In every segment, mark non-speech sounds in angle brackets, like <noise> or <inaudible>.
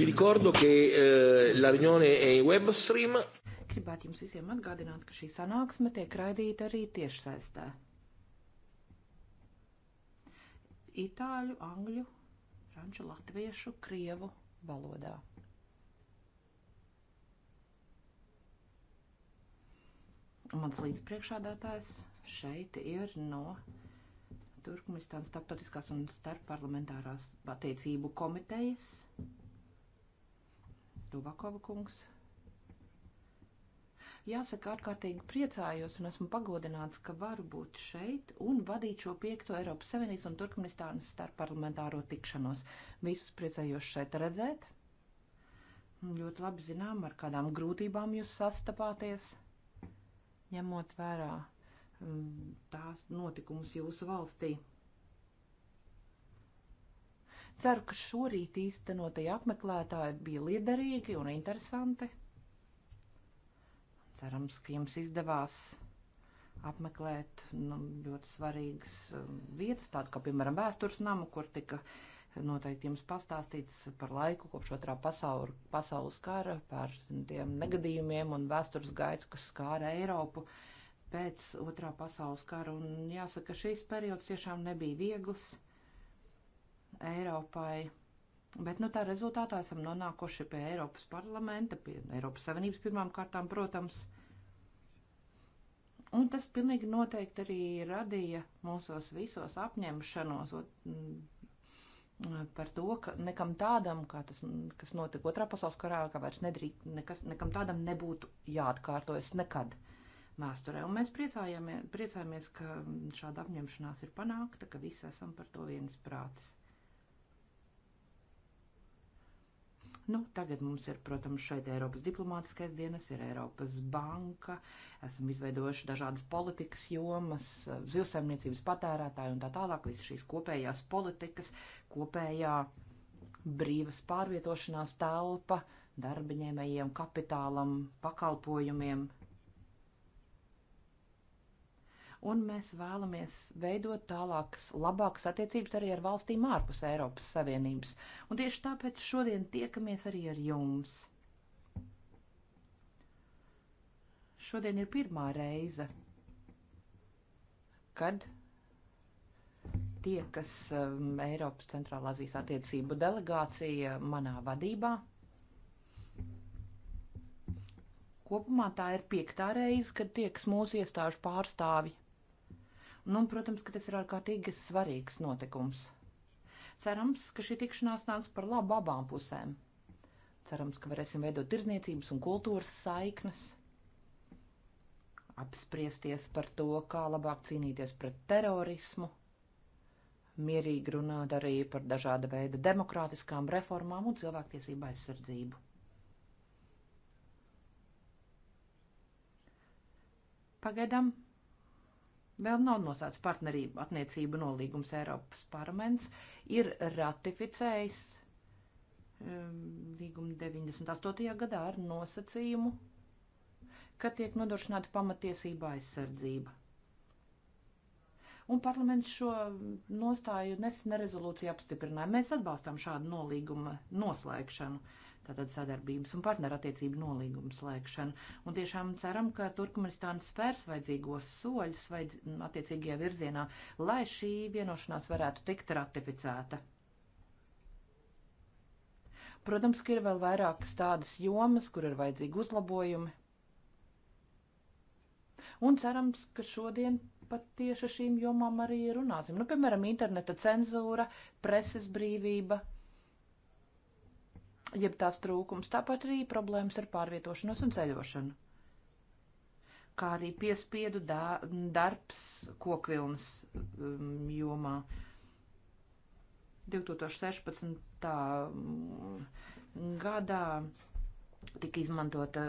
Vi ricordo che eh, la riunione è in web stream. Gribētu jums visiem atgādināt, ka šī sanāksme tiek raidīta arī tiešsaistē. Itāļu, angļu, franču, latviešu, krievu valodā. Mans līdzpriekšādātājs šeit ir no Turkmenistānas starptautiskās un starpparlamentārās attiecību komitejas. Dubakova kungs. Jāsaka, ārkārtīgi priecājos un esmu pagodināts, ka varu būt šeit un vadīt šo piekto Eiropas Savienības un Turkmenistānas starpparlamentāro tikšanos. Visus priecājos šeit redzēt. Ļoti labi zinām, ar kādām grūtībām jūs sastapāties, ņemot vērā mm, tās notikumus jūsu valstī. Ceru, ka šorīt īstenotie apmeklētāji bija liederīgi un interesanti. Cerams, ka jums izdevās apmeklēt nu, ļoti svarīgas um, vietas, tādu kā, piemēram, vēstures namu, kur tika noteikti jums pastāstīts par laiku kopš otrā pasaura, pasaules kara, par tiem negadījumiem un vēstures gaitu, kas skāra Eiropu pēc otrā pasaules kara. Un jāsaka, šīs periods tiešām nebija viegls Eiropai. Bet nu, tā rezultātā esam nonākuši pie Eiropas parlamenta, pie Eiropas Savienības pirmām kārtām, protams. Un tas pilnīgi noteikti arī radīja mūsos visos apņemšanos mm, par to, ka nekam tādam, kā tas, kas notika otrā pasaules karā, ka vairs nedrīk, nekas, nekam tādam nebūtu jāatkārtojas nekad vēsturē. Un mēs priecājamies, priecājamies, ka šāda apņemšanās ir panākta, ka visi esam par to viens prātis. Nu, tagad mums ir, protams, šeit Eiropas diplomātiskais dienas, ir Eiropas banka, esam izveidojuši dažādas politikas jomas, zivsaimniecības patērētāju un tā tālāk, visas šīs kopējās politikas, kopējā brīvas pārvietošanās telpa darbiņēmējiem, kapitālam, pakalpojumiem, un mēs vēlamies veidot tālākas, labākas attiecības arī ar valstīm ārpus Eiropas Savienības. Un tieši tāpēc šodien tiekamies arī ar jums. Šodien ir pirmā reize, kad tie, kas um, Eiropas Centrālā Azijas attiecību delegācija manā vadībā. Kopumā tā ir piektā reize, kad tieks mūsu iestāžu pārstāvi Nu, un, protams, ka tas ir ārkārtīgi svarīgs notikums. Cerams, ka šī tikšanās nāks par labu abām pusēm. Cerams, ka varēsim veidot tirzniecības un kultūras saiknes, apspriesties par to, kā labāk cīnīties pret terorismu, mierīgi runāt arī par dažāda veida demokrātiskām reformām un cilvēktiesību aizsardzību. Pagaidām Vēl nav nosāts partnerību attiecību nolīgums Eiropas parlaments, ir ratificējis um, līgumu 98. gadā ar nosacījumu, ka tiek nodrošināta pamatiesība aizsardzība. Un parlaments šo nostāju nesen rezolūciju apstiprināja. Mēs atbalstām šādu nolīguma noslēgšanu. Uh, tātad sadarbības un partnerattiecību nolīgumu slēgšanu. Un tiešām ceram, ka Turkmenistāna spērs vajadzīgos soļus vajadz, attiecīgajā virzienā, lai šī vienošanās varētu tikt ratificēta. Protams, ka ir vēl vairākas tādas jomas, kur ir vajadzīgi uzlabojumi. Un cerams, ka šodien pat tieši šīm jomām arī runāsim. Nu, piemēram, interneta cenzūra, preses brīvība, uh, jeb tās trūkums, tāpat arī problēmas ar pārvietošanos un ceļošanu. Kā arī piespiedu dā, darbs kokvilnas um, jomā. 2016. Um, gadā tika izmantota,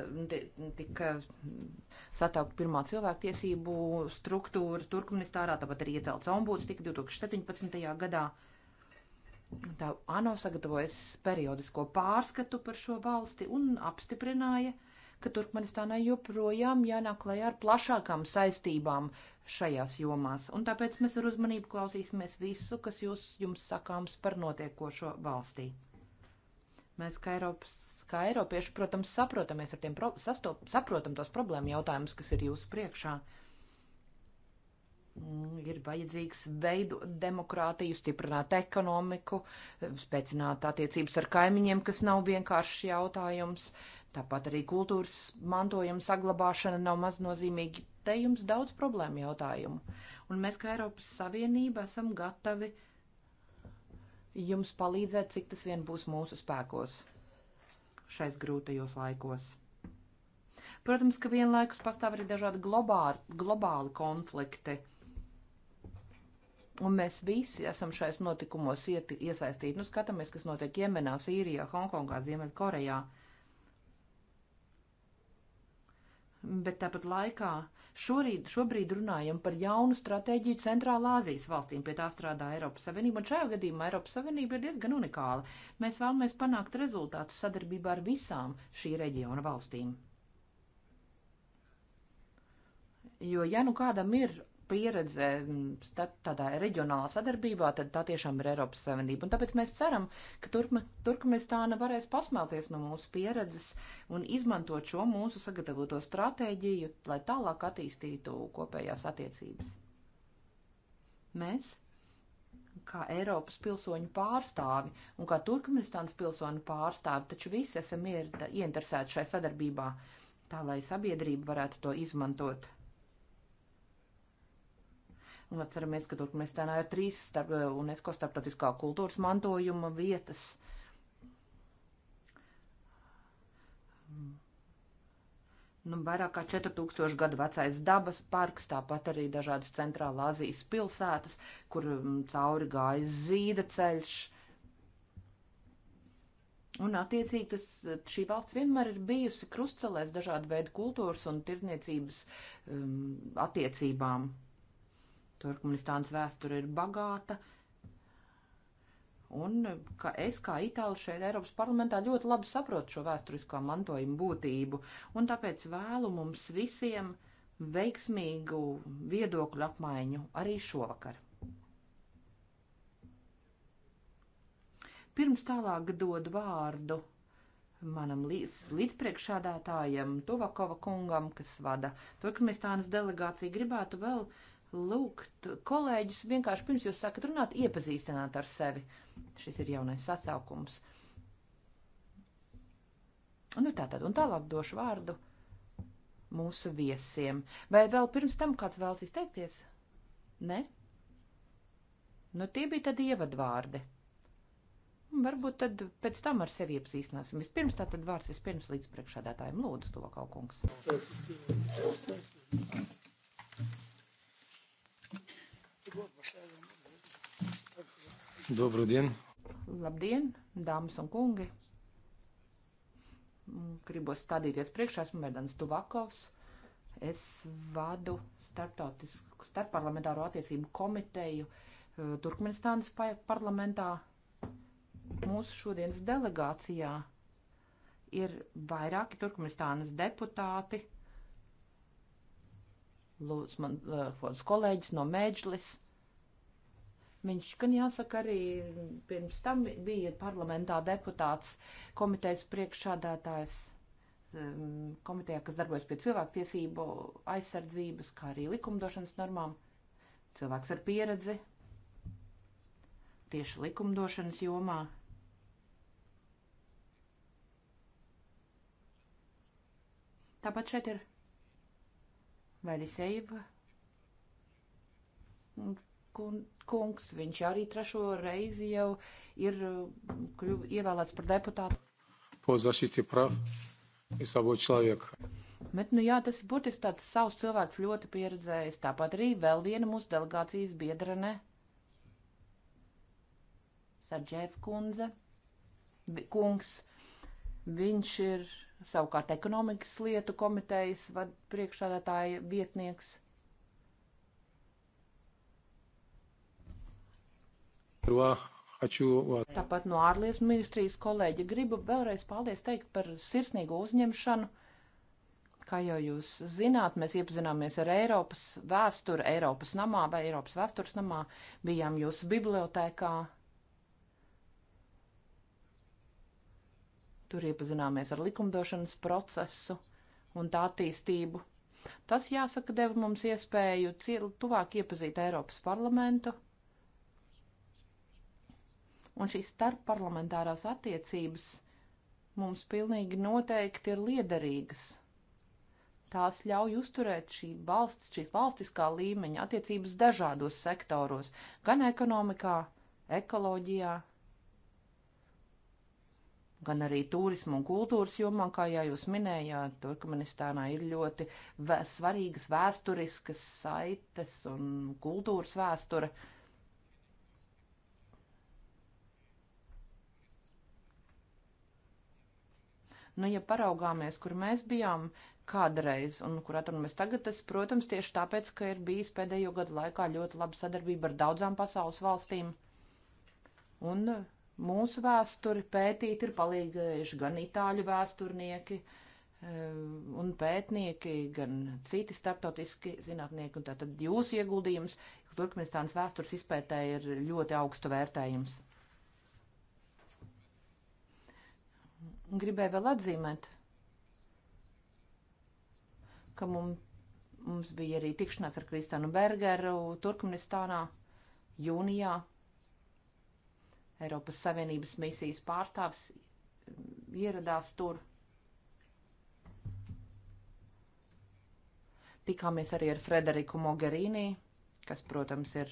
tika sataukt pirmā cilvēktiesību struktūra Turkmenistārā, tāpat arī iecelts ombuds tika 2017. gadā. Tā ANO sagatavojas periodisko pārskatu par šo valsti un apstiprināja, ka Turkmenistānai joprojām jānāk klajā ar plašākām saistībām šajās jomās, un tāpēc mēs ar uzmanību klausīsimies visu, kas jūs, jums sakāms par notiekošo valstī. Mēs, kā, Eiropas, kā Eiropieši, protams, saprotamies ar tiem, pro, sastop, saprotam tos problēmu jautājumus, kas ir jūsu priekšā. Uh, Mm, ir vajadzīgs veidot demokrātiju, stiprināt ekonomiku, spēcināt attiecības ar kaimiņiem, kas nav vienkāršs jautājums. Tāpat arī kultūras mantojuma saglabāšana nav maznozīmīga. Te jums daudz problēmu jautājumu. Un mēs, kā Eiropas Savienība, esam gatavi jums palīdzēt, cik tas vien būs mūsu spēkos šais grūtajos laikos. Protams, ka vienlaikus pastāv arī dažādi globāli, globāli konflikti. Un mēs visi esam šais notikumos ieti, iesaistīti. Nu, skatāmies, kas notiek Jemenā, Sīrijā, Hongkongā, Ziemeļkorejā. Bet tāpat laikā šorīd, šobrīd runājam par jaunu stratēģiju Centrālā Azijas valstīm. Pie tā strādā Eiropas Savienība, un šajā gadījumā Eiropas Savienība ir diezgan unikāla. Mēs vēlamies panākt rezultātu sadarbībā ar visām šī reģiona valstīm. Jo, ja nu kādam ir pieredze mm, starp tādā reģionālā sadarbībā, tad tā tiešām ir Eiropas Savienība. Un tāpēc mēs ceram, ka Turkme, Turkmenistāna varēs pasmelties no mūsu pieredzes un izmantot šo mūsu sagatavoto stratēģiju, lai tālāk attīstītu kopējās attiecības. Mēs, kā Eiropas pilsoņu pārstāvi un kā Turkmenistānas pilsoņu pārstāvi, taču visi esam ieinteresēti šai sadarbībā, tā lai sabiedrība varētu to izmantot Un atceramies, ka Turkmenistānā ir trīs starp, eh, UNESCO starptautiskā kultūras mantojuma vietas. Nu, vairāk kā 4000 gadu vecais dabas parks, tāpat arī dažādas centrālā Azijas pilsētas, kur mm, cauri gāja zīda ceļš. Un, attiecīgi, tas, eh, šī valsts vienmēr ir bijusi krustcelēs dažādu veidu kultūras un tirniecības um, mm, attiecībām. Turkmenistānas vēsture ir bagāta. Un eh, ka es kā itāli šeit Eiropas parlamentā ļoti labi saprotu šo vēsturiskā mantojuma būtību, un tāpēc vēlu mums visiem veiksmīgu viedokļu apmaiņu arī šovakar. Pirms tālāk dod vārdu manam līdz, līdzpriekšādātājam Tuvakova kungam, kas vada Turkmenistānas delegāciju, gribētu vēl uh, lūgt kolēģus vienkārši pirms jūs sākat runāt, iepazīstināt ar sevi. Šis ir jaunais sasaukums. Nu tā tad, un tālāk došu vārdu mūsu viesiem. Vai vēl pirms tam kāds vēlas izteikties? Ne? Nu tie bija tad ievadvārdi. Varbūt tad pēc tam ar sevi iepazīstināsim. Vispirms tā tad vārds vispirms līdz priekšādātājiem lūdzu to kaut kungs. Thank you. Dobru dienu! Labdien, dāmas un kungi! Gribu stādīties priekšā, esmu Mērdans Tuvakovs. Es vadu starpparlamentāro attiecību komiteju eh, Turkmenistānas parlamentā. Mūsu šodienas delegācijā ir vairāki Turkmenistānas deputāti, lūdz man kāds eh, kolēģis no Mēģlis. Viņš, gan jāsaka, arī pirms tam bija parlamentā deputāts, komitejas priekšsādātājs, ehm, komitejā, kas darbojas pie cilvēktiesību aizsardzības, kā arī likumdošanas normām. Cilvēks ar pieredzi tieši likumdošanas jomā. Tāpat šeit ir Veļiseiva kungs, viņš arī trešo reizi jau ir uh, kļuv, ievēlēts par deputātu. Po zašīti prav i savo človeku. Bet, nu jā, tas ir būtiski tāds savs cilvēks ļoti pieredzējis. Tāpat arī vēl viena mūsu delegācijas biedrene Sarģēva kundze, kungs, Viņš ir savukārt ekonomikas lietu komitejas priekšādātāja vietnieks. Lā. Tāpat no ārlietu ministrijas kolēģi gribu vēlreiz paldies teikt par sirsnīgu uzņemšanu. Kā jau jūs zināt, mēs iepazināmies ar Eiropas vēsturi, Eiropas namā vai Eiropas vēstures namā, bijām jūsu bibliotēkā, Tur iepazināmies ar likumdošanas procesu un tā attīstību. Tas, jāsaka, deva mums iespēju tuvāk iepazīt Eiropas parlamentu. Un šīs starpparlamentārās attiecības mums pilnīgi noteikti ir liederīgas. Tās ļauj uzturēt šī valsts, šīs valstiskā līmeņa attiecības dažādos sektoros, gan ekonomikā, ekoloģijā, gan arī turismu un kultūras jomā, kā jau jūs minējāt, Turkmenistānā ir ļoti vē svarīgas vēsturiskas saites un kultūras vēsture. Nu, ja paraugāmies, kur mēs bijām kādreiz un kur atrodamies tagad, tas, protams, tieši tāpēc, ka ir bijis pēdējo gadu laikā ļoti laba sadarbība ar daudzām pasaules valstīm. Un Mūsu vēsturi pētīt ir palīdzējuši gan itāļu vēsturnieki eh, un pētnieki, gan citi starptautiski zinātnieki, un tātad jūsu ieguldījums Turkmenistānas vēstures izpētē ir ļoti augstu vērtējums. Gribēju vēl atzīmēt, ka mums, mums bija arī tikšanās ar Kristānu Bergeru Turkmenistānā jūnijā Eiropas Savienības misijas pārstāvis mm, ieradās tur. Tikāmies arī ar Frederiku Mogherini, kas, protams, ir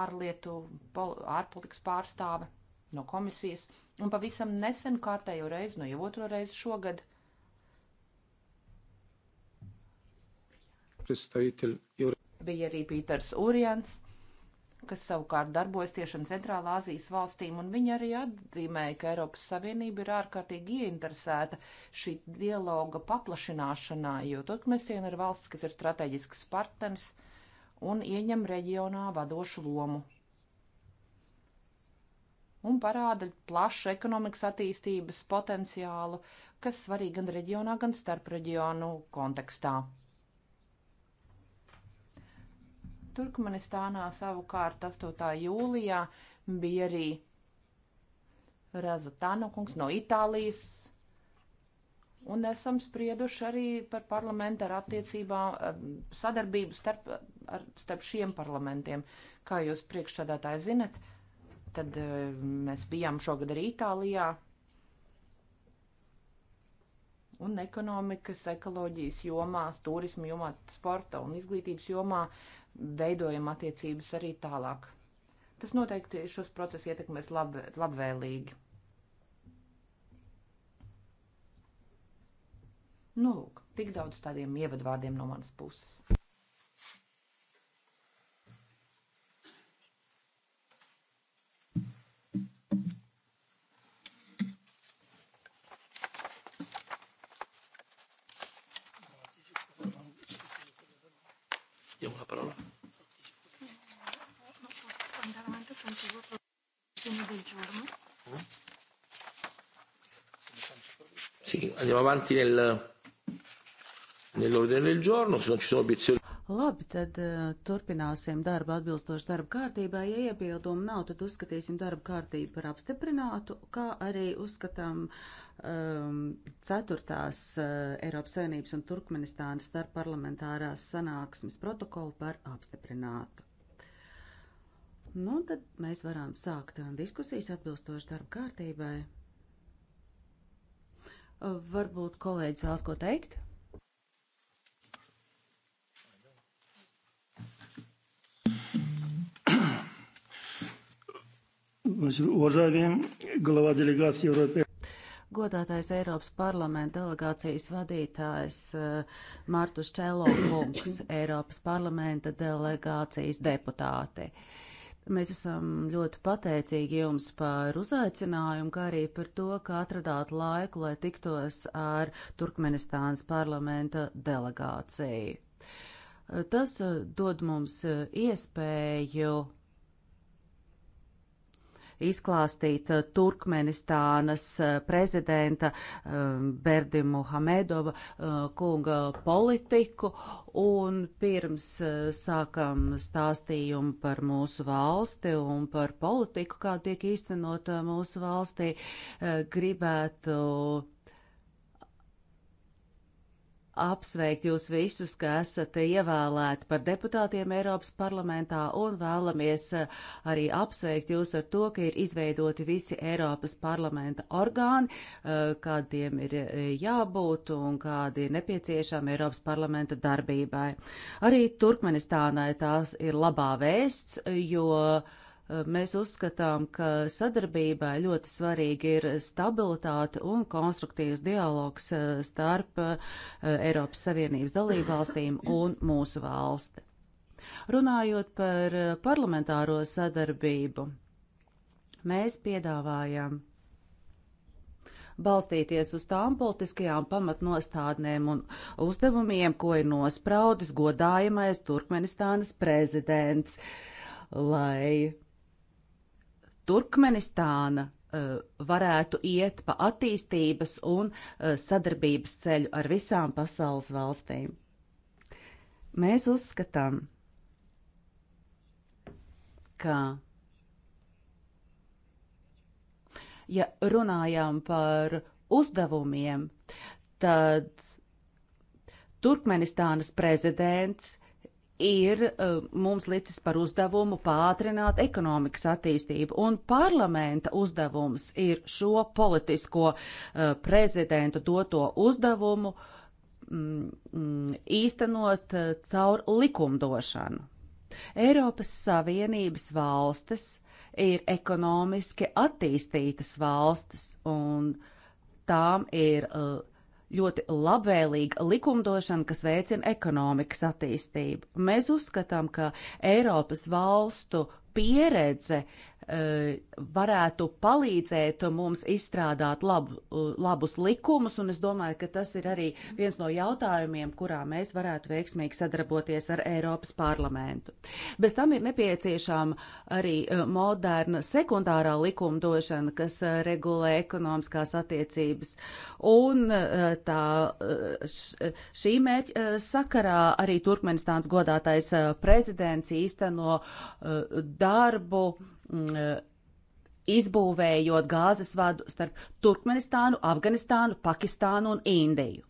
ārlietu, pol, ārpolitikas pārstāve no komisijas, un pavisam nesen kārtējo reizi, no jau otro reizi šogad, bija arī Pīters Urjans, kas savukārt darbojas tieši ar Centrālā Azijas valstīm, un viņi arī atzīmēja, ka Eiropas Savienība ir ārkārtīgi ieinteresēta šī dialoga paplašināšanā, jo Turkmestina ir valsts, kas ir strateģisks partners un ieņem reģionā vadošu lomu. Un parāda plašu ekonomikas attīstības potenciālu, kas svarīgi gan reģionā, gan starp reģionu kontekstā. Turkmenistānā savukārt 8. jūlijā bija arī Razatano kungs no Itālijas. Un esam sprieduši arī par parlamentu ar attiecībām eh, sadarbību starp, ar, starp šiem parlamentiem. Kā jūs priekšsādātāji zinat, tad eh, mēs bijām šogad arī Itālijā, un ekonomikas, ekoloģijas jomās, turisma jomā, sporta un izglītības jomā veidojam attiecības arī tālāk. Tas noteikti šos procesus ietekmēs lab, labvēlīgi. Nu, lūk, tik daudz tādiem ievadvārdiem no manas puses. Andiamo avanti nel, nell'ordine del giorno, se non ci sono obiezioni. Labi, tad uh, turpināsim darbu atbilstoši darba kārtībai. Ja iebildumu nav, tad uzskatīsim darba kārtību par apstiprinātu, kā arī uzskatām um, ceturtās uh, Eiropas Savienības un Turkmenistānas starp parlamentārās sanāksmes protokolu par apstiprinātu. Nu, tad mēs varam sākt eh, diskusijas atbilstoši darba kārtībai. Varbūt kolēģis vēlas ko teikt? Godātais Eiropas parlamenta delegācijas vadītājs eh, Martus Čelo kungs, Eiropas parlamenta delegācijas deputāti. Uh, Mēs esam ļoti pateicīgi jums par uzaicinājumu, kā arī par to, ka atradāt laiku, lai tiktos ar Turkmenistānas parlamenta delegāciju. Tas eh, dod mums eh, iespēju izklāstīt eh, Turkmenistānas eh, prezidenta eh, Berdi Muhamedova kunga politiku. Un pirms sākam stāstījumu par mūsu valsti un par politiku, kā tiek īstenot mūsu valstī, gribētu apsveikt jūs visus, ka esat ievēlēti par deputātiem Eiropas parlamentā un vēlamies eh, arī apsveikt jūs ar to, ka ir izveidoti visi Eiropas parlamenta orgāni, eh, kādiem ir eh, jābūt un kādi ir nepieciešami Eiropas parlamenta darbībai. Arī Turkmenistānai tās ir labā vēsts, jo Mēs uzskatām, ka sadarbībai ļoti svarīgi ir stabilitāte un konstruktīvs dialogs eh, starp eh, Eiropas Savienības dalībvalstīm un mūsu valsti. Runājot par eh, parlamentāro sadarbību, mēs piedāvājam balstīties uz tām politiskajām pamatnostādnēm un uzdevumiem, ko ir nospraudis godājamais Turkmenistānas prezidents, lai Turkmenistāna eh, varētu iet pa attīstības un eh, sadarbības ceļu ar visām pasaules valstīm. Mēs uzskatām, ka, ja runājām par uzdevumiem, tad Turkmenistānas prezidents ir eh, mums licis par uzdevumu pātrināt ekonomikas attīstību, un parlamenta uzdevums ir šo politisko eh, prezidenta doto uzdevumu mm, mm, īstenot eh, caur likumdošanu. Eiropas Savienības valstis ir ekonomiski attīstītas valstis, un tām ir uh, ļoti labvēlīga likumdošana, kas veicina ekonomikas attīstību. Mēs uzskatām, ka Eiropas valstu pieredze eh, varētu palīdzēt mums izstrādāt labu, eh, labus likumus, un es domāju, ka tas ir arī viens no jautājumiem, kurā mēs varētu veiksmīgi sadarboties ar Eiropas parlamentu. Bez tam ir nepieciešama arī eh, moderna sekundārā likumdošana, kas regulē ekonomiskās attiecības, un tā šī mērķa sakarā arī Turkmenistāns godātais prezidents īsteno darbu mm, eh, izbūvējot gāzes vadu starp Turkmenistānu, Afganistānu, Pakistānu un Indiju.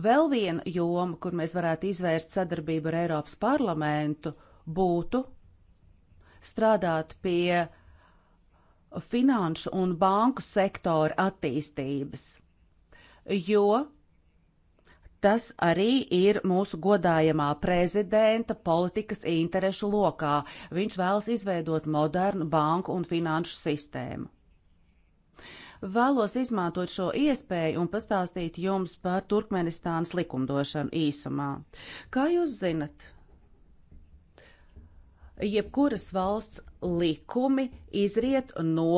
Vēl viena joma, kur mēs varētu izvērst sadarbību ar Eiropas parlamentu, būtu strādāt pie finanšu un banku sektora attīstības, jo Tas arī ir mūsu godājamā prezidenta politikas interešu lokā. Viņš vēlas izveidot modernu banku un finanšu sistēmu. Vēlos izmantot šo iespēju un pastāstīt jums par Turkmenistānas likumdošanu īsumā. Kā jūs zinat, jebkuras valsts likumi izriet no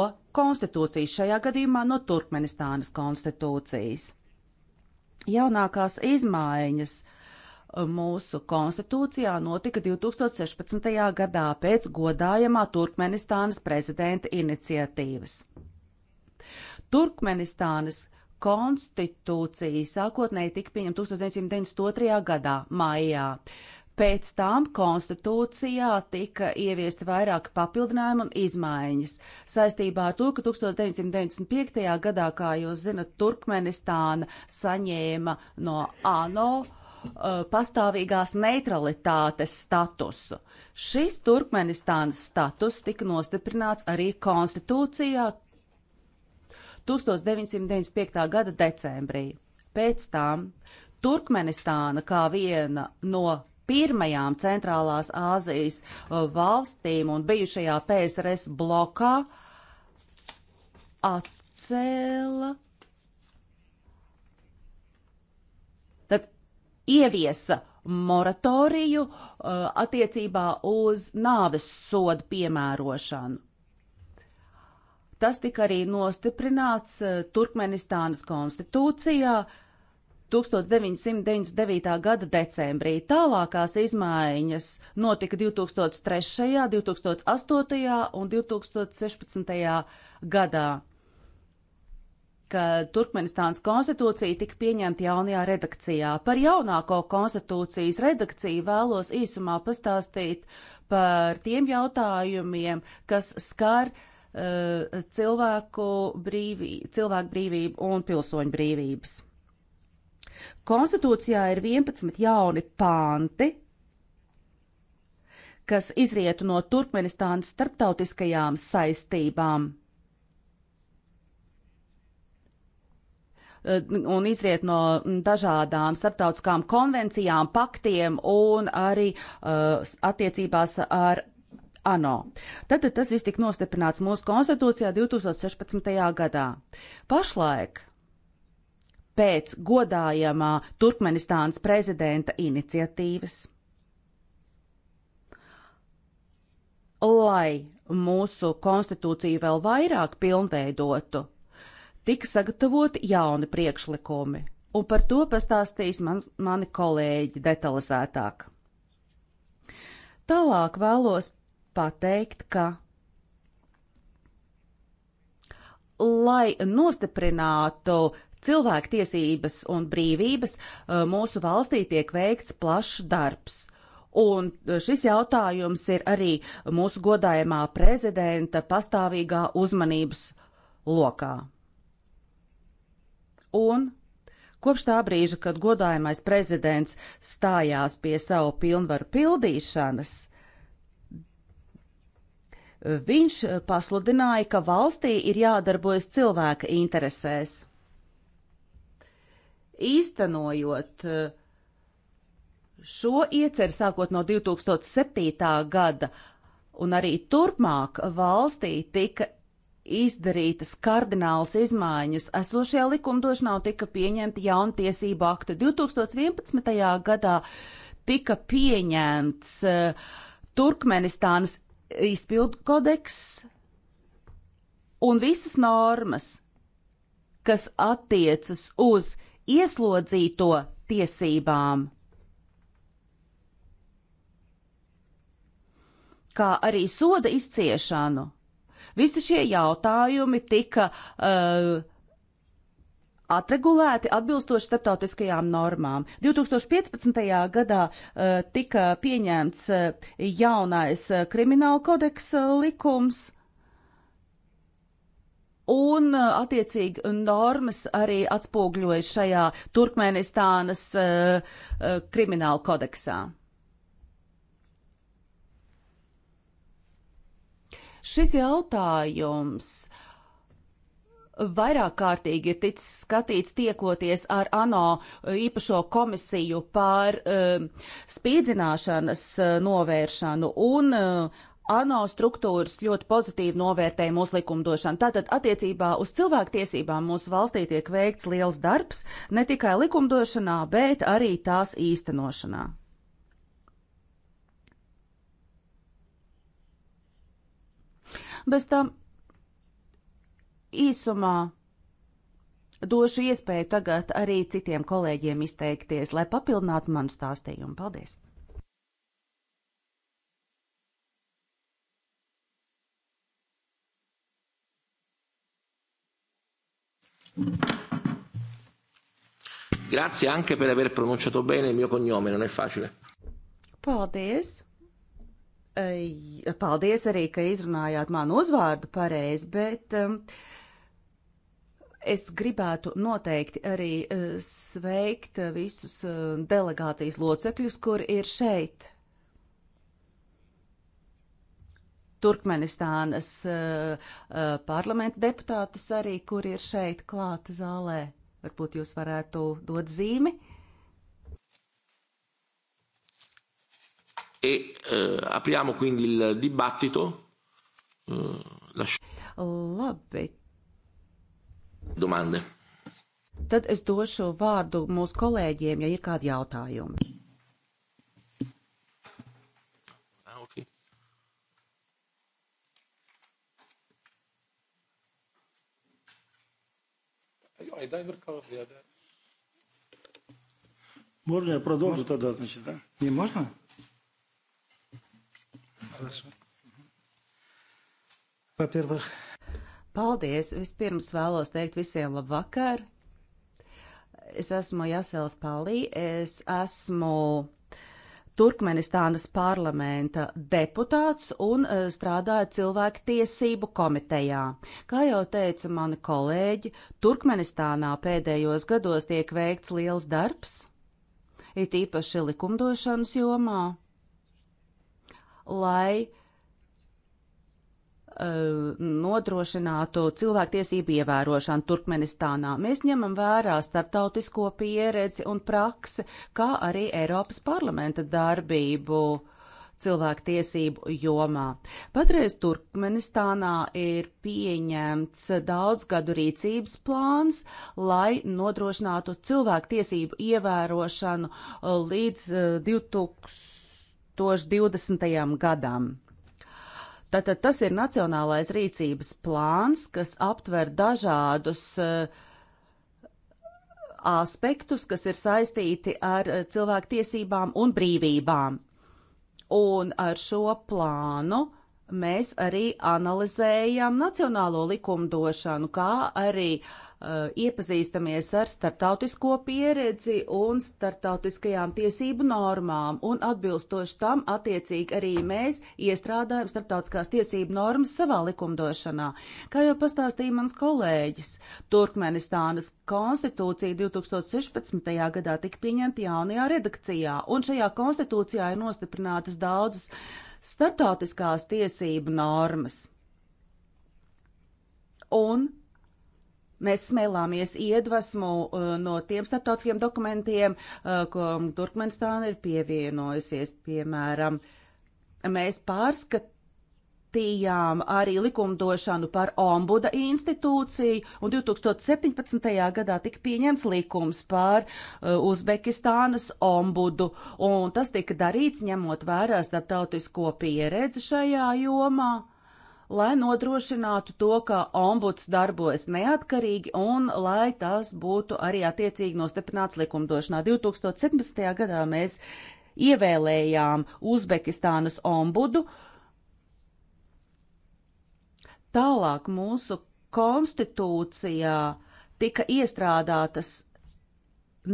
konstitūcijas, šajā gadījumā no Turkmenistānas konstitūcijas. Jaunākās izmaiņas uh, mūsu konstitūcijā notika 2016. gadā pēc godājamā Turkmenistānas prezidenta iniciatīvas. Turkmenistānas konstitūcija sākotnēji tika pieņemta 1992. gadā, maijā. Pēc tam konstitūcijā tika ieviesti vairāki papildinājumi un izmaiņas saistībā ar to, ka 1995. gadā, kā jūs zinat, Turkmenistāna saņēma no ANO uh, pastāvīgās neutralitātes statusu. Šis Turkmenistānas status tika nostiprināts arī konstitūcijā 1995. gada decembrī. Pēc tam Turkmenistāna kā viena no pirmajām centrālās Āzijas uh, valstīm un bijušajā PSRS blokā atcēla. Tad ieviesa moratoriju uh, attiecībā uz nāves sodu piemērošanu. Tas tika arī nostiprināts uh, Turkmenistānas konstitūcijā, uh, 1999. gada decembrī. Tālākās izmaiņas notika 2003., 2008. un 2016. gadā, kad Turkmenistānas konstitūcija tika pieņemta jaunajā redakcijā. Par jaunāko konstitūcijas redakciju vēlos īsumā pastāstīt par tiem jautājumiem, kas skar eh, cilvēku brīvību, cilvēku brīvību un pilsoņu brīvības. Konstitūcijā ir 11 jauni panti, kas izrietu no Turkmenistānas starptautiskajām saistībām. Eh, un izriet no dažādām starptautiskām konvencijām, paktiem un arī uh, attiecībās ar ANO. Tad tas viss tika nostiprināts mūsu konstitūcijā 2016. gadā. Pašlaik pēc godājamā Turkmenistānas prezidenta iniciatīvas, lai mūsu konstitūciju vēl vairāk pilnveidotu, tika sagatavoti jauni priekšlikumi, un par to pastāstīs man, mani kolēģi detalizētāk. Tālāk vēlos pateikt, ka lai nostiprinātu cilvēktiesības un brīvības eh, mūsu valstī tiek veikts plašs darbs. Un eh, šis jautājums ir arī mūsu godājumā prezidenta pastāvīgā uzmanības lokā. Un kopš tā brīža, kad godājumais prezidents stājās pie savu pilnvaru pildīšanas, eh, viņš pasludināja, ka valstī ir jādarbojas cilvēka interesēs īstenojot eh, šo ieceru sākot no 2007. gada, un arī turpmāk valstī tika izdarītas kardinālas izmaiņas. Esošajā likumdošanā tika pieņemta jauna tiesība akta. 2011. gadā tika pieņemts uh, Turkmenistānas izpildu kodeks un visas normas, kas attiecas uz ieslodzīto tiesībām. kā arī soda izciešanu. Visi šie jautājumi tika uh, atregulēti atbilstoši starptautiskajām normām. 2015. gadā uh, tika pieņemts uh, jaunais uh, krimināla kodeksa uh, likums. Uh, un uh, attiecīgi normas arī atspogļoja šajā Turkmenistānas uh, uh, krimināla kodeksā. Šis jautājums vairāk kārtīgi ir ticis skatīts tiekoties ar ANO īpašo komisiju pār um, spīdzināšanas uh, novēršanu un uh, ANO struktūras ļoti pozitīvi novērtēja mūsu likumdošanu. Tātad attiecībā uz cilvēktiesībām mūsu valstī tiek veikts liels darbs ne tikai likumdošanā, bet arī tās īstenošanā. Bez tam īsumā došu iespēju tagad arī citiem kolēģiem izteikties, lai papildinātu manu stāstījumu. Paldies! Grazie anche per aver pronunciato bene il mio cognome, non è facile. Paldies! Paldies arī, ka izrunājāt manu uzvārdu pareizi, bet um, es gribētu noteikti arī uh, sveikt uh, visus uh, delegācijas locekļus, kur ir šeit Turkmenistānas eh, eh, parlamenta deputātus arī, kuri ir šeit klāta zālē. Varbūt jūs varētu dot zīmi. E, uh, apriamo quindi il dibattito. Uh, lasci... Labi. Domande. Tad es došu vārdu mūsu kolēģiem, ja ir kādi jautājumi. הידיים מרכבות וידיים. Можно я продолжу тогда, значит, да? Не можно? Хорошо. Во-первых... Paldies! Vispirms vēlos teikt visiem labvakar. Es esmu Jāsēls Palī, es esmu Turkmenistānas parlamenta deputāts un e, strādāja cilvēku tiesību komitejā. Kā jau teica mani kolēģi, Turkmenistānā pēdējos gados tiek veikts liels darbs, it īpaši likumdošanas jomā, lai Eh, nodrošinātu cilvēktiesību ievērošanu Turkmenistānā. Mēs ņemam vērā starptautisko pieredzi un praksi, kā arī Eiropas parlamenta darbību cilvēktiesību jomā. Patreiz Turkmenistānā ir pieņemts daudzgadu rīcības plāns, lai nodrošinātu cilvēktiesību ievērošanu eh, līdz 2020. Eh, gadam. Tātad tas ir nacionālais rīcības plāns, kas aptver dažādus eh, aspektus, kas ir saistīti ar eh, cilvēku tiesībām un brīvībām. Un ar šo plānu mēs arī analizējam nacionālo likumdošanu, kā arī uh, Eh, iepazīstamies ar starptautisko pieredzi un starptautiskajām tiesību normām, un atbilstoši tam attiecīgi arī mēs iestrādājam starptautiskās tiesību normas savā likumdošanā. Kā jau pastāstīja mans kolēģis, Turkmenistānas konstitūcija 2016. gadā tika pieņemta jaunajā redakcijā, un šajā konstitūcijā ir nostiprinātas daudzas starptautiskās tiesību normas. Un Mēs smēlāmies iedvesmu uh, no tiem starptautiskiem dokumentiem, uh, ko Turkmenistāna ir pievienojusies, piemēram. Mēs pārskatījām arī likumdošanu par ombuda institūciju, un 2017. gadā tika pieņemts likums par uh, Uzbekistānas ombudu, un tas tika darīts ņemot vērā starptautisko pieredzi šajā jomā lai nodrošinātu to, ka ombuds darbojas neatkarīgi un lai tas būtu arī attiecīgi nostiprināts likumdošanā. 2017. gadā mēs ievēlējām Uzbekistānas ombudu. Tālāk mūsu konstitūcijā tika iestrādātas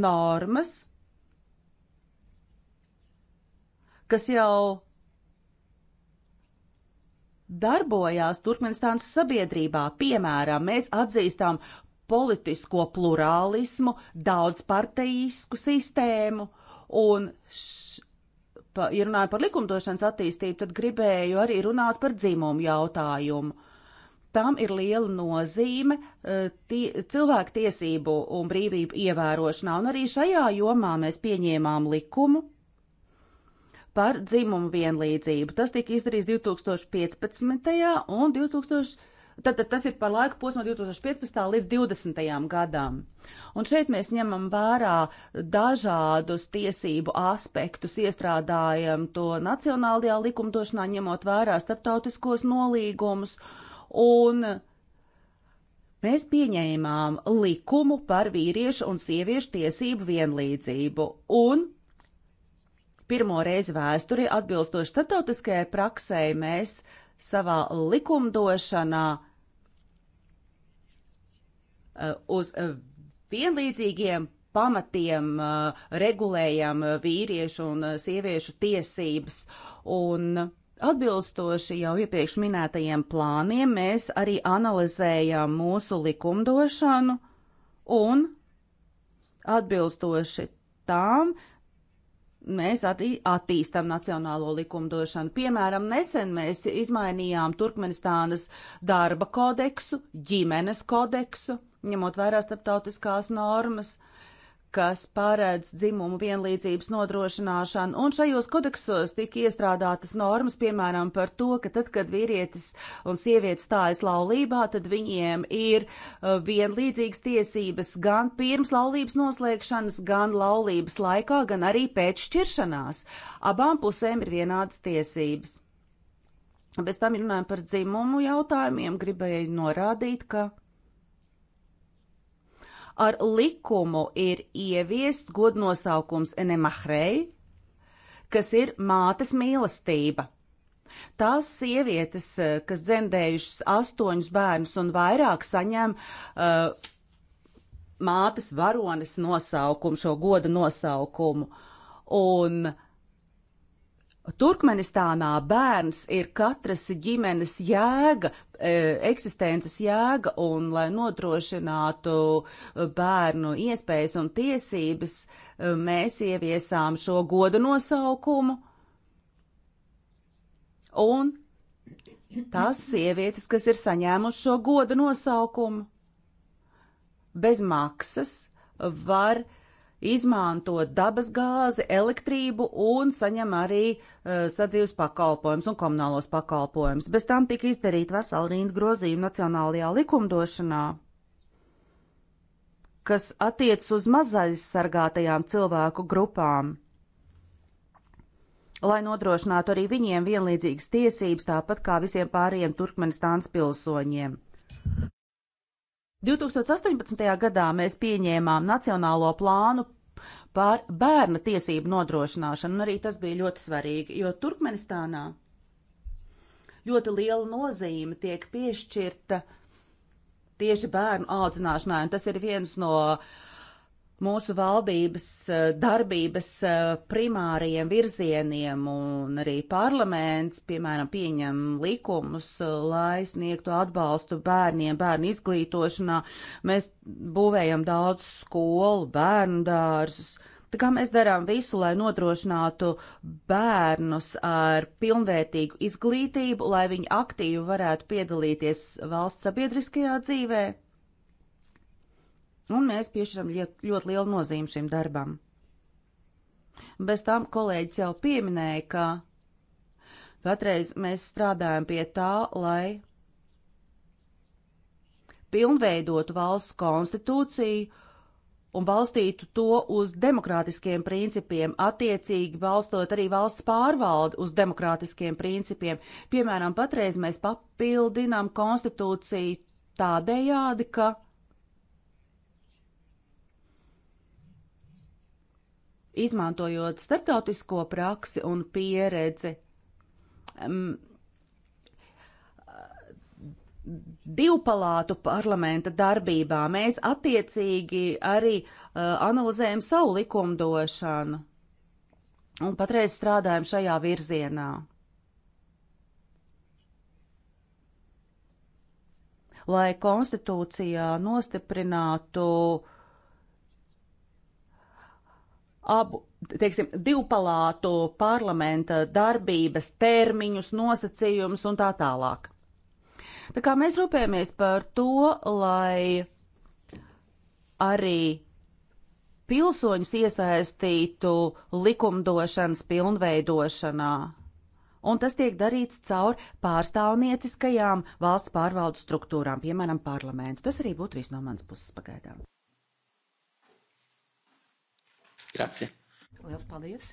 normas, kas jau darbojās Turkmenistānas sabiedrībā. Piemēram, mēs atzīstam politisko plurālismu, daudzpartijisku sistēmu, un, š, pa, ja runāju par likumdošanas attīstību, tad gribēju arī runāt par dzimumu jautājumu. Tam ir liela nozīme e, tie, cilvēku tiesību un brīvību ievērošanā, un arī šajā jomā mēs pieņēmām likumu, par dzimumu vienlīdzību. Tas tika izdarīts 2015. un 2000. Tātad tas ir par laiku posmu 2015. līdz 2020. gadam. Un šeit mēs ņemam vērā dažādus tiesību aspektus, iestrādājam to nacionālajā likumdošanā, ņemot vērā starptautiskos nolīgumus un Mēs pieņēmām likumu par vīriešu un sieviešu tiesību vienlīdzību, un Pirmo reizi vēsturī atbilstoši starptautiskajai praksēji mēs savā likumdošanā eh, uz vienlīdzīgiem pamatiem eh, regulējam vīriešu un eh, sieviešu tiesības. Un atbilstoši jau iepriekš minētajiem plāniem, mēs arī analizējam mūsu likumdošanu un atbilstoši tām mēs attī attīstam nacionālo likumdošanu. Piemēram, nesen mēs izmainījām Turkmenistānas darba kodeksu, ģimenes kodeksu, ņemot vērā starptautiskās normas kas pārēdz dzimumu vienlīdzības nodrošināšanu, un šajos kodeksos tika iestrādātas normas, piemēram, par to, ka tad, kad vīrietis un sievietes stājas laulībā, tad viņiem ir uh, vienlīdzīgas tiesības gan pirms laulības noslēgšanas, gan laulības laikā, gan arī pēc šķiršanās. Abām pusēm ir vienādas tiesības. Bez tam, runājot par dzimumu jautājumiem, gribēju norādīt, ka ar likumu ir ieviests godnosaukums Enemahrei, kas ir mātes mīlestība. Tās sievietes, eh, kas dzemdējušas astoņus bērnus un vairāk, saņem uh, mātes varones nosaukumu, šo goda nosaukumu. Un uh, Turkmenistānā bērns ir katras ģimenes jēga, e, eksistences jēga, un lai nodrošinātu e, bērnu iespējas un tiesības, e, mēs ieviesām šo godu nosaukumu. Un tās sievietes, kas ir saņēmušas šo godu nosaukumu, bez maksas var uh, izmanto dabas gāzi, elektrību un saņem arī uh, sadzīves pakalpojumus un komunālos pakalpojumus. Bez tam tika izdarīta vesela rinda grozījumu nacionālajā likumdošanā, kas attiecas uz mazaizsargātajām cilvēku grupām. Lai nodrošinātu arī viņiem vienlīdzīgas tiesības, tāpat kā visiem pārējiem Turkmenistānas pilsoņiem. 2018. gadā mēs pieņēmām nacionālo plānu par bērna tiesību nodrošināšanu, un arī tas bija ļoti svarīgi, jo Turkmenistānā ļoti liela nozīme tiek piešķirta tieši bērnu audzināšanai, un tas ir viens no uh, mūsu valdības eh, darbības eh, primāriem virzieniem, un arī parlaments, piemēram, pieņem likumus, eh, lai sniegtu atbalstu bērniem, bērnu izglītošanā. Mēs būvējam daudz skolu, bērnu dārzus. Tā kā mēs darām visu, lai nodrošinātu bērnus ar pilnvērtīgu izglītību, lai viņi aktīvi varētu piedalīties valsts sabiedriskajā dzīvē, un mēs piešķiram ļoti lielu nozīmi šim darbam. Bez tam kolēģis jau pieminēja, ka patreiz mēs strādājam pie tā, lai pilnveidotu valsts konstitūciju un balstītu to uz demokrātiskiem principiem, attiecīgi balstot arī valsts pārvaldi uz demokrātiskiem principiem. Piemēram, patreiz mēs papildinām konstitūciju tādējādi, ka izmantojot starptautisko praksi un pieredzi. Um, divpalātu parlamenta darbībā mēs attiecīgi arī uh, analizējam savu likumdošanu un patreiz strādājam šajā virzienā. Lai konstitūcijā nostiprinātu uh, abu, teiksim, divpalātu parlamenta darbības termiņus, nosacījumus un tā tālāk. Tā kā mēs rūpējamies par to, lai arī pilsoņus iesaistītu likumdošanas pilnveidošanā. Un tas tiek darīts caur pārstāvnieciskajām valsts pārvaldu struktūrām, piemēram, parlamentu. Tas arī būtu viss no manas puses pagaidām. Grazie. Liels paldies.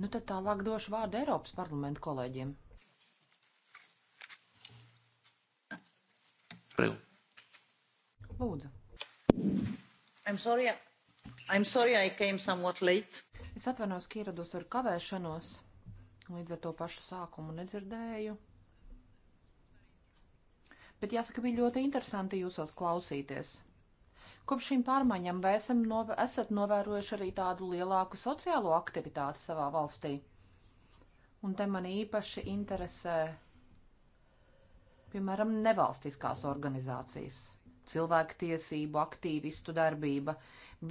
Nu tad tālāk došu vārdu Eiropas parlamenta kolēģiem. Pril. Lūdzu. I'm sorry, I'm sorry I came somewhat late. Es atvainos, ka ierados ar kavēšanos, līdz ar to pašu sākumu nedzirdēju. Bet jāsaka, bija ļoti interesanti jūsos klausīties. Kopš šīm pārmaiņām vai esam nov esat novērojuši arī tādu lielāku sociālo aktivitāti savā valstī? Un te man īpaši interesē, piemēram, nevalstiskās organizācijas, cilvēktiesību aktīvistu darbība,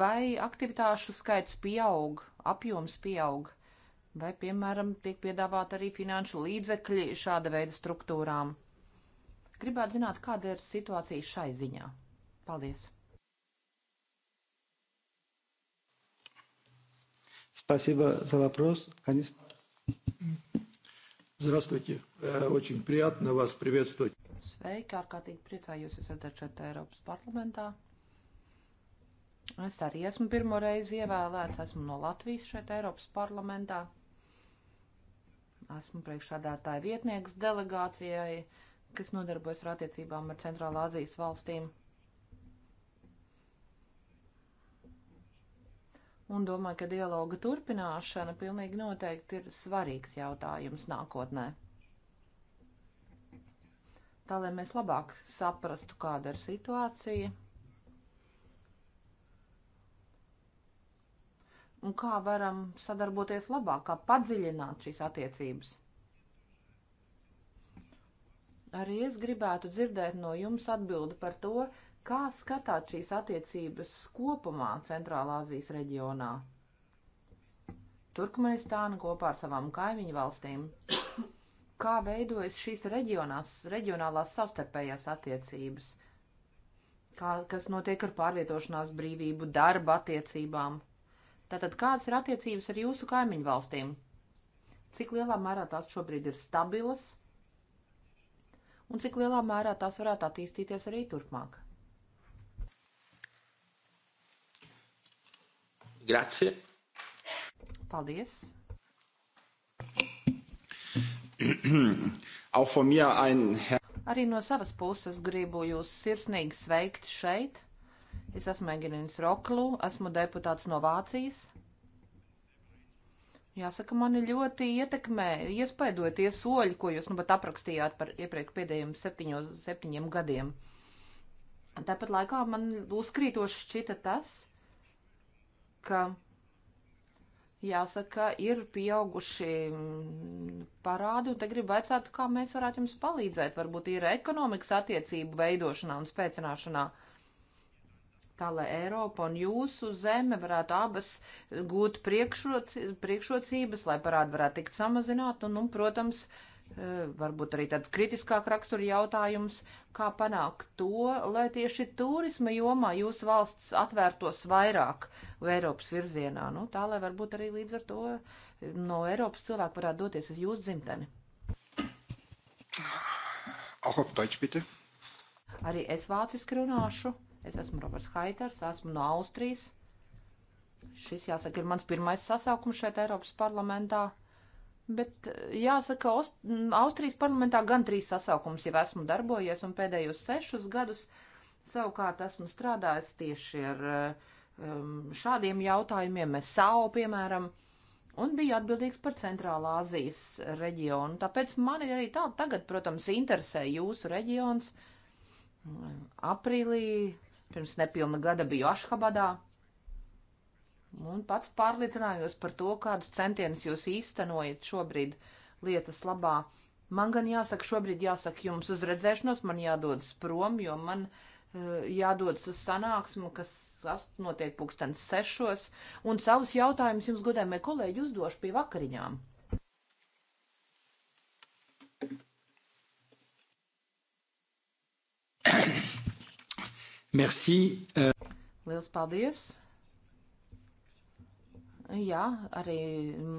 vai aktivitāšu skaits pieaug, apjoms pieaug, vai, piemēram, tiek piedāvāt arī finanšu līdzekļi šāda veida struktūrām. Gribētu zināt, kāda ir situācija šai ziņā. Paldies! Спасибо за вопрос. Конечно. Здравствуйте. Э, очень приятно вас приветствовать. Sveiki, ārkārtīgi priecājos, jūs esat šeit Eiropas parlamentā. Es arī esmu pirmo reizi ievēlēts, esmu no Latvijas šeit Eiropas parlamentā. Esmu priekšādātāja vietnieks delegācijai, kas nodarbojas ar attiecībām ar Centrālā Azijas valstīm. un domāju, ka dialoga turpināšana pilnīgi noteikti ir svarīgs jautājums nākotnē. Tā, lai mēs labāk saprastu, kāda ir situācija un kā varam sadarboties labāk, kā padziļināt šīs attiecības. Arī es gribētu dzirdēt no jums atbildi par to, Kā skatāt šīs attiecības kopumā Centrālāzijas reģionā? Turkmenistāna kopā ar savām kaimiņu valstīm. Kā veidojas šīs reģionās, reģionālās savstarpējās attiecības? Kā, kas notiek ar pārvietošanās brīvību, darba attiecībām? Tātad kādas ir attiecības ar jūsu kaimiņu valstīm? Cik lielā mērā tās šobrīd ir stabilas? Un cik lielā mērā tās varētu attīstīties arī turpmāk? Grazie. Paldies. <clears throat> Auch von mir ein Herr. Arī no savas puses gribu jūs sirsnīgi sveikt šeit. Es esmu Egerins Roklu, esmu deputāts no Vācijas. Jāsaka, mani ļoti ietekmē, iespaidoja tie soļi, ko jūs nu pat aprakstījāt par iepriekš pēdējiem septiņos, septiņiem gadiem. Tāpat laikā man uzkrītoši šķita tas, ka jāsaka, ir pieauguši mm, parādi, un te gribu vaicāt, kā mēs varētu jums palīdzēt. Varbūt ir ekonomikas attiecību veidošanā un spēcināšanā. Tā lai Eiropa un jūsu zeme varētu abas gūt priekšroc, priekšrocības, lai parādi varētu tikt samazināt, un, un protams, uh, Eh, varbūt arī tāds kritiskāk rakstura jautājums, kā panākt to, lai tieši turisma jomā jūsu valsts atvērtos vairāk Eiropas virzienā, nu tā, lai varbūt arī līdz ar to eh, no Eiropas cilvēku varētu doties uz jūsu dzimteni. Auch auf Deutsch, bitte. Arī es vāciski runāšu. Es esmu Roberts Haiters, esmu no Austrijas. Šis, jāsaka, ir mans pirmais sasaukums šeit Eiropas parlamentā. Bet eh, jāsaka, Aust mm, Austrijas parlamentā gan trīs sasaukums jau esmu darbojies, un pēdējos sešus gadus savukārt esmu strādājis tieši ar eh, um, šādiem jautājumiem, mēs savu, piemēram, un biju atbildīgs par Centrālā Azijas reģionu. Tāpēc man ir arī tā, tagad, protams, interesē jūsu reģions. Mm, Aprīlī, pirms nepilna gada biju Ašhabadā, Un pats pārliecinājos par to, kādus centienus jūs īstenojat šobrīd lietas labā. Man gan jāsaka, šobrīd jāsaka jums uz redzēšanos, man jādodas prom, jo man uh, jādodas uz sanāksmu, kas notiek pulkstens sešos, un savus jautājumus jums, godējumie kolēģi, uzdošu pie vakariņām. Merci. Uh... Liels paldies! Jā, arī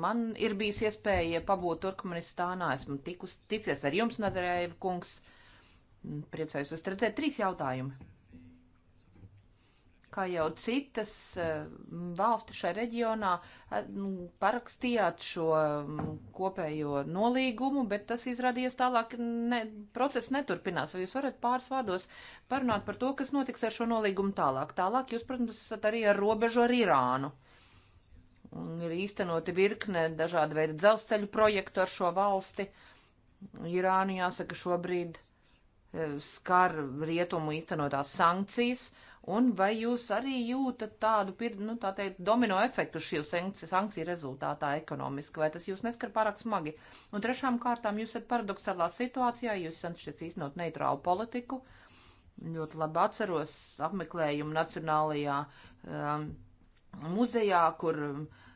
man ir bijis iespēja pabūt Turkmenistānā. Esmu tikus, ticies ar jums, Nazarēva kungs. Priecājos jūs redzēt trīs jautājumi. Kā jau citas eh, valsti šajā reģionā eh, nu, parakstījāt šo mm, kopējo nolīgumu, bet tas izrādījās tālāk, ne, process neturpinās. Vai jūs varat pāris vārdos parunāt par to, kas notiks ar šo nolīgumu tālāk? Tālāk jūs, protams, esat arī ar robežu ar Irānu. Uh, īstenoti virkne dažāda veida dzelzceļu projektu ar šo valsti. Irānu jāsaka šobrīd e, skar rietumu īstenotās sankcijas, un vai jūs arī jūtat tādu, nu, tā teikt, domino efektu šī sankciju rezultātā ekonomiski, vai tas jūs neskar pārāk smagi? Un trešām kārtām jūs esat paradoxālā situācijā, jūs cenšaties īstenot neitrālu politiku, ļoti labi atceros apmeklējumu Nacionālajā um, muzejā, kur uh,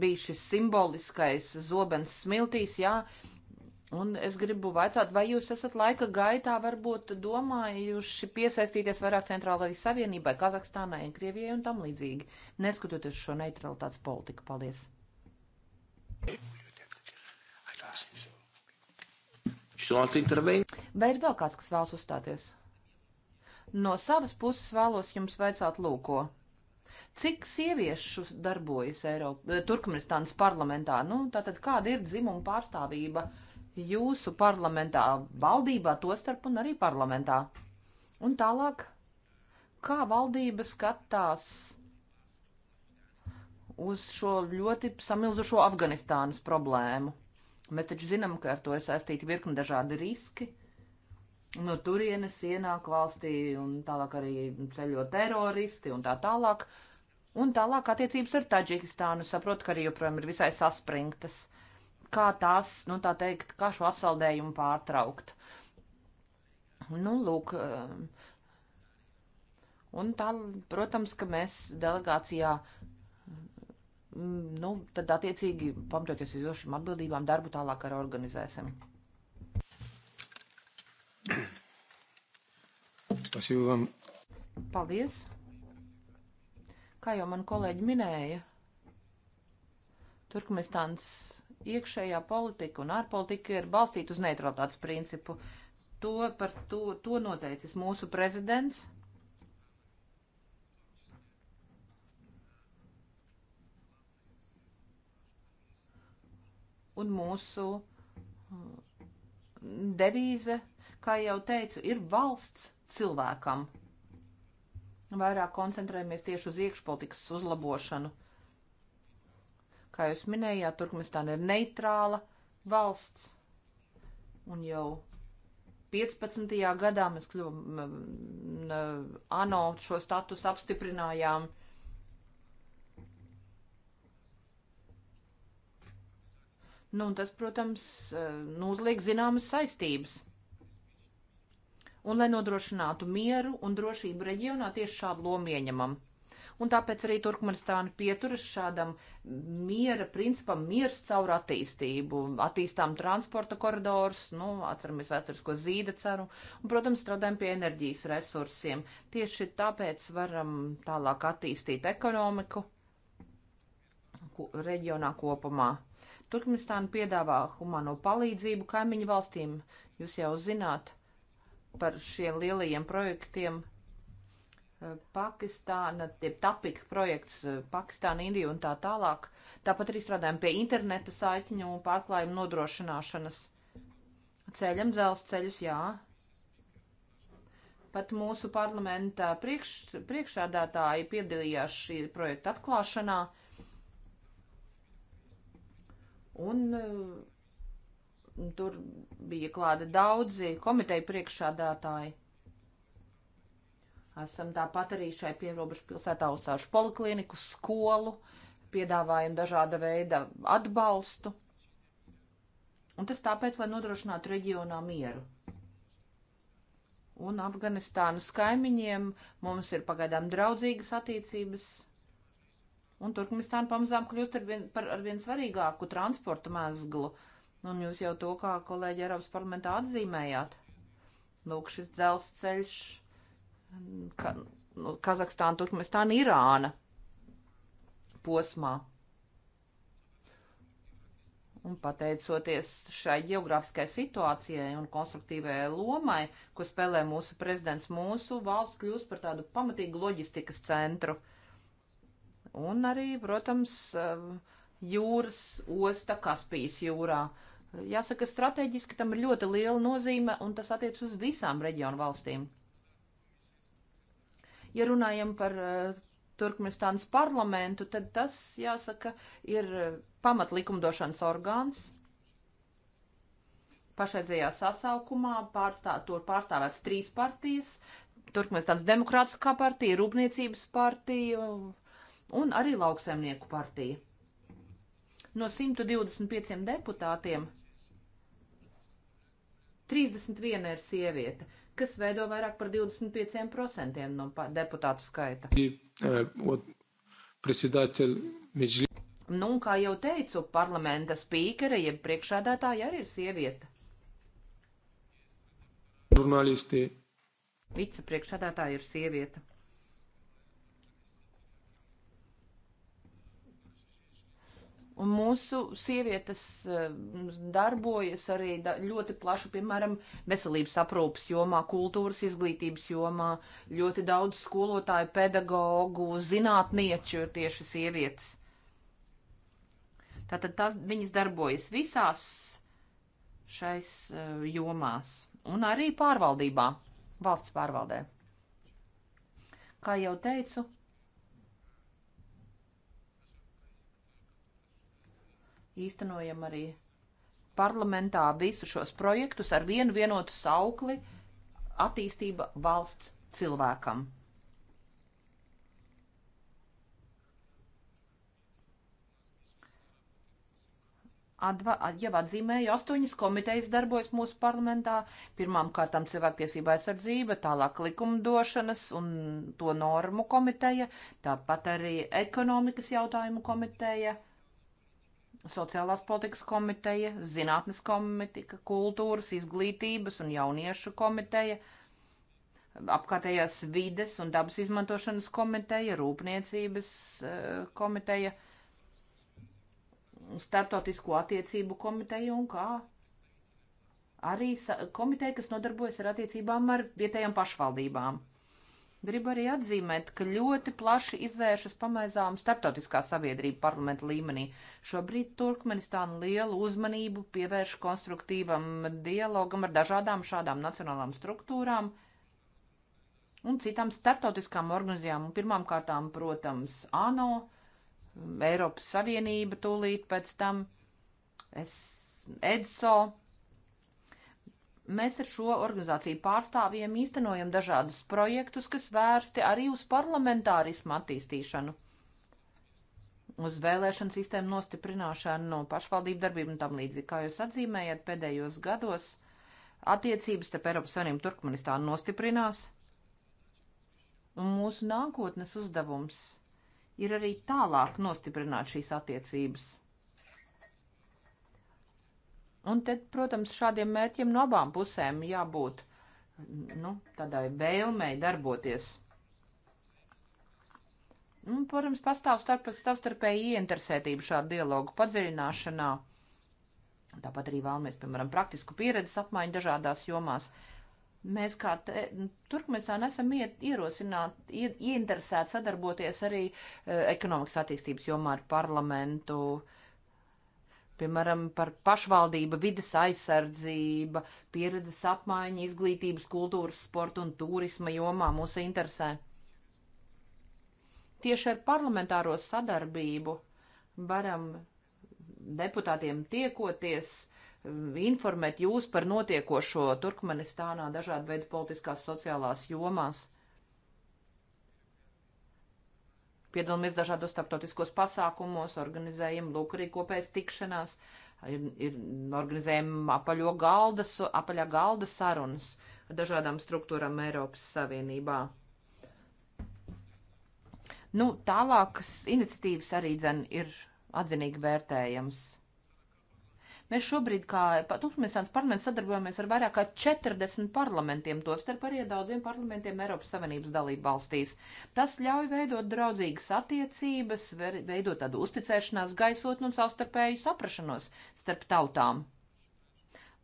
bija šis simboliskais zobens smiltīs, jā. Un es gribu vaicāt, vai jūs esat laika gaitā varbūt domājuši piesaistīties vairāk centrālajai savienībai, Kazahstānai, Krievijai un tam līdzīgi, neskatoties šo neutralitātes politiku. Paldies! Vai ir vēl kāds, kas vēlas uzstāties? No savas puses vēlos jums vaicāt lūko. Cik sieviešu darbojas Eiropa, eh, Turkmenistānas parlamentā? Nu, tātad kāda ir dzimuma pārstāvība jūsu parlamentā, valdībā tostarp un arī parlamentā? Un tālāk, kā valdība skatās uz šo ļoti samilzušo Afganistānas problēmu? Mēs taču zinām, ka ar to ir saistīti virkni dažādi riski. No turienes ienāk valstī un tālāk arī ceļo teroristi un tā tālāk. Uh, Un tālāk attiecības ar Taģikistānu saprotu, ka arī joprojām ir visai saspringtas. Kā tās, nu tā teikt, kā šo atsaldējumu pārtraukt? Nu, lūk, um, un tā, protams, ka mēs delegācijā, mm, nu, tad attiecīgi, pamatoties uz šīm atbildībām, darbu tālāk arī organizēsim. Спасибо вам. Paldies! Kā jau man kolēģi minēja, Turkmenistāns iekšējā politika un ārpolitika ir balstīta uz neutralitātes principu. To, par to, to noteicis mūsu prezidents. Un mūsu mm, devīze, kā jau teicu, ir valsts cilvēkam vairāk koncentrējamies tieši uz iekšpolitikas uzlabošanu. Kā jūs minējāt, Turkmenistāna ir neitrāla valsts, un jau 15. gadā mēs kļuvam, mm, mm, mm, ANO šo statusu apstiprinājām. Nu, un tas, protams, eh, nozliek nu, zināmas saistības un lai nodrošinātu mieru un drošību reģionā tieši šādu lomu ieņemam. Un tāpēc arī Turkmenistāna pieturas šādam miera principam, miers caur attīstību. Attīstām transporta koridors, nu, atceramies vēsturisko zīda ceru, un, protams, strādājam pie enerģijas resursiem. Tieši tāpēc varam tālāk attīstīt ekonomiku ko, reģionā kopumā. Turkmenistāna piedāvā humano palīdzību kaimiņu valstīm, jūs jau zināt par šiem lielajiem projektiem. Eh, Pakistāna, tie tapika projekts eh, Pakistāna, Indija un tā tālāk. Tāpat arī strādājam pie interneta saikņu un pārklājumu nodrošināšanas. Ceļam dzelzceļus, jā. Pat mūsu parlamenta priekš, priekšādātāji piedalījās šī projekta atklāšanā. Un uh, tur bija klāta daudzi komiteju priekšādātāji. Esam tāpat arī šai pierobežu pilsētā uzsāšu polikliniku, skolu, piedāvājam dažāda veida atbalstu. Un tas tāpēc, lai nodrošinātu reģionā mieru. Un Afganistānas kaimiņiem mums ir pagaidām draudzīgas attiecības. Un Turkmenistāna pamazām kļūst ar vien, par ar vien svarīgāku transporta mēzglu. Uh, Un jūs jau to, kā kolēģi Eiropas parlamentā atzīmējāt. Lūk, šis dzelzceļš, ka, nu, Kazahstāna, Turkmestāna, Irāna posmā. Un pateicoties šai geogrāfiskai situācijai un konstruktīvajai lomai, ko spēlē mūsu prezidents, mūsu valsts kļūst par tādu pamatīgu loģistikas centru. Un arī, protams, eh, jūras osta Kaspijas jūrā. Uh, Jāsaka, strateģiski tam ir ļoti liela nozīme, un tas attiec uz visām reģionu valstīm. Ja runājam par eh, Turkmenistānas parlamentu, tad tas, jāsaka, ir eh, pamatlikumdošanas orgāns. Pašreizējā sasaukumā pārstāv, tur pārstāvēts trīs partijas - Turkmenistānas demokrātiskā partija, Rūpniecības partija un arī lauksaimnieku partija. No 125 deputātiem 31 ir sieviete, kas veido vairāk par 25% no deputātu skaita. Nu, un kā jau teicu, parlamenta spīkere, jeb ja priekšādātāja arī ir sieviete. Žurnālisti. Vicepriekšādātāja ir sieviete. Un mūsu sievietes eh, darbojas arī da, ļoti plaši, piemēram, veselības aprūpas jomā, kultūras izglītības jomā. Ļoti daudz skolotāju, pedagoģu, zinātnieču ir tieši sievietes. Tātad tās, viņas darbojas visās šais eh, jomās un arī pārvaldībā, valsts pārvaldē. Kā jau teicu, īstenojam arī parlamentā visu šos projektus ar vienu vienotu saukli - attīstība valsts cilvēkam. Adva, jau atzīmēju, astoņas komitejas darbojas mūsu parlamentā. Pirmām kārtām cilvēktiesība aizsardzība, tālāk likumdošanas un to normu komiteja, tāpat arī ekonomikas jautājumu komiteja. Uh, Sociālās politikas komiteja, zinātnes komiteja, kultūras, izglītības un jauniešu komiteja, apkārtējās vides un dabas izmantošanas komiteja, rūpniecības e, komiteja, startautisko attiecību komiteja un kā arī komiteja, kas nodarbojas ar attiecībām ar vietējām pašvaldībām. Gribu arī atzīmēt, ka ļoti plaši izvēršas pamaizām starptautiskā sabiedrība parlamenta līmenī. Šobrīd Turkmenistāna lielu uzmanību pievērš konstruktīvam dialogam ar dažādām šādām nacionālām struktūrām un citām starptautiskām organizācijām, un pirmām kārtām, protams, ANO, Eiropas Savienība tūlīt pēc tam, es, EDSO, Mēs ar šo organizāciju pārstāvjiem īstenojam dažādus projektus, kas vērsti arī uz parlamentārismu attīstīšanu, uz vēlēšanu sistēmu nostiprināšanu, pašvaldību darbību un tam līdzīgi. Kā jūs atzīmējat, pēdējos gados attiecības starp Eiropas Savienību un Turkmenistānu nostiprinās, un mūsu nākotnes uzdevums ir arī tālāk nostiprināt šīs attiecības Un tad, protams, šādiem mērķiem no abām pusēm jābūt nu, tādai vēlmei darboties. Un, nu, protams, pastāv starp, savstarpēji ieinteresētība šādu dialogu padziļināšanā. Tāpat arī vēlamies, piemēram, praktisku pieredzes apmaiņu dažādās jomās. Mēs kā te, nu, Turkmenistāna esam ierosināti, ie, ieinteresēti sadarboties arī e, ekonomikas attīstības jomā ar parlamentu. E, piemēram, par pašvaldību, vidas aizsardzība, pieredzes apmaiņa, izglītības, kultūras, sporta un turisma jomā mūs interesē. Tieši ar parlamentāro sadarbību varam deputātiem tiekoties, informēt jūs par notiekošo Turkmenistānā dažādu veidu politiskās sociālās jomās. piedalāmies dažādos starptautiskos pasākumos, organizējam lūk arī kopējas tikšanās, ir, ir organizējam apaļo galda, apaļā galda sarunas ar dažādām struktūrām Eiropas Savienībā. Nu, tālākas iniciatīvas arī dzen ir atzinīgi vērtējams. Mēs šobrīd, kā Turkmenistāns parlaments, sadarbojamies ar vairāk kā 40 parlamentiem, tostarp arī ar daudziem parlamentiem Eiropas Savienības dalību valstīs. Tas ļauj veidot draudzīgas attiecības, veidot tādu uzticēšanās gaisotni un savstarpēju saprašanos starp tautām.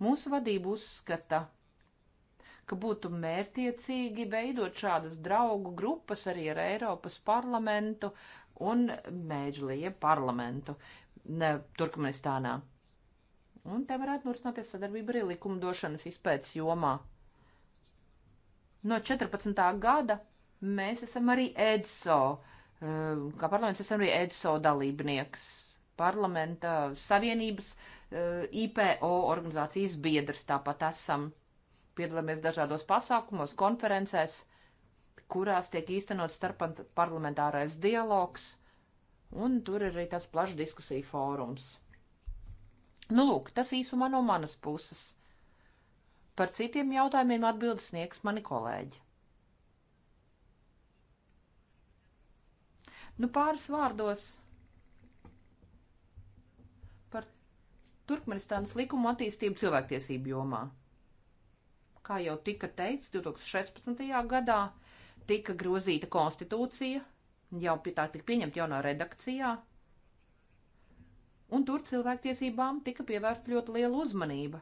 Mūsu vadība uzskata, ka būtu mērtiecīgi veidot šādas draugu grupas arī ar Eiropas parlamentu un mēģlīju parlamentu ne, Turkmenistānā. Un te varētu norisināties sadarbība arī likumdošanas izpētes jomā. No 14. gada mēs esam arī EDSO, eh, kā parlaments esam arī EDSO dalībnieks, parlamenta savienības eh, IPO organizācijas biedrs tāpat esam. Piedalāmies dažādos pasākumos, konferencēs, kurās tiek īstenot starp parlamentārais dialogs, un tur ir arī tāds plašs diskusiju fórums. Nu, lūk, tas īsumā no manas puses. Par citiem jautājumiem atbildes sniegs mani kolēģi. Nu, pāris vārdos par Turkmenistānas likumu attīstību cilvēktiesību jomā. Kā jau tika teikts, 2016. gadā tika grozīta konstitūcija, jau pie tā tika pieņemta jaunā redakcijā, un tur cilvēktiesībām tika pievērsta ļoti liela uzmanība.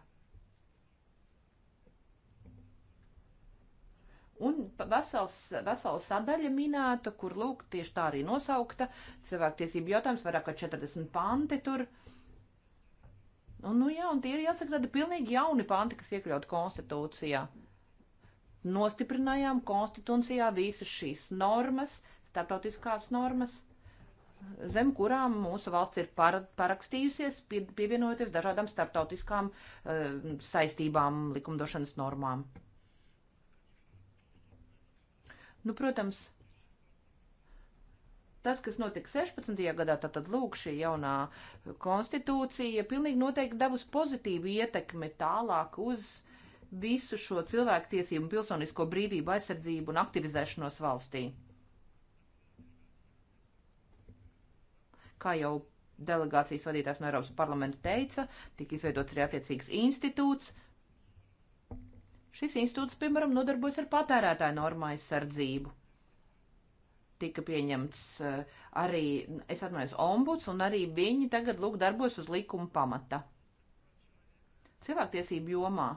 Un vesels, vesela sadaļa minēta, kur lūk, tieši tā arī nosaukta cilvēktiesību jautājums, vairāk kā 40 panti tur. Un, nu jā, un tie ir jāsaka tādi pilnīgi jauni panti, kas iekļaut konstitūcijā. Nostiprinājām konstitūcijā visas šīs normas, starptautiskās normas, zem kurām mūsu valsts ir parakstījusies, pievienojoties dažādām starptautiskām uh, saistībām, likumdošanas normām. Nu, protams, tas, kas notika 16. gadā, tātad lūk šī jaunā konstitūcija, pilnīgi noteikti devus pozitīvu ietekmi tālāk uz visu šo cilvēku tiesību un pilsonisko brīvību aizsardzību un aktivizēšanos valstī. Kā jau delegācijas vadītājs no Eiropas parlamenta teica, tika izveidots arī attiecīgs institūts. Šis institūts, piemēram, nodarbojas ar patērētāju normu aizsardzību. Tika pieņemts eh, arī, es atvainojos, ombuds, un arī viņi tagad lūk darbojas uz likuma pamata. Cilvēktiesību jomā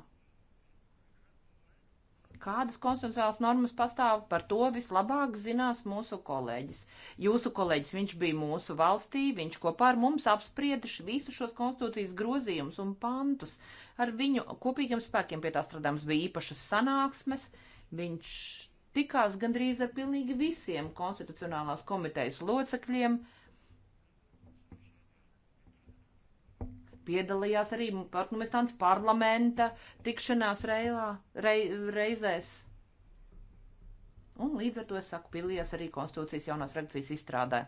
Kādas konstitucionālas normas pastāv, par to vislabāk zinās mūsu kolēģis. Jūsu kolēģis, viņš bija mūsu valstī, viņš kopā ar mums apspriediši visu šos konstitūcijas grozījumus un pantus. Ar viņu kopīgiem spēkiem pie tā strādājums bija īpašas sanāksmes. Viņš tikās gandrīz ar pilnīgi visiem konstitucionālās komitejas locekļiem. Uh, piedalījās arī Turkmenistānas parlamenta tikšanās reilā, rei, reizēs. Un līdz ar to es saku, piedalījās arī konstitūcijas jaunās redakcijas izstrādē.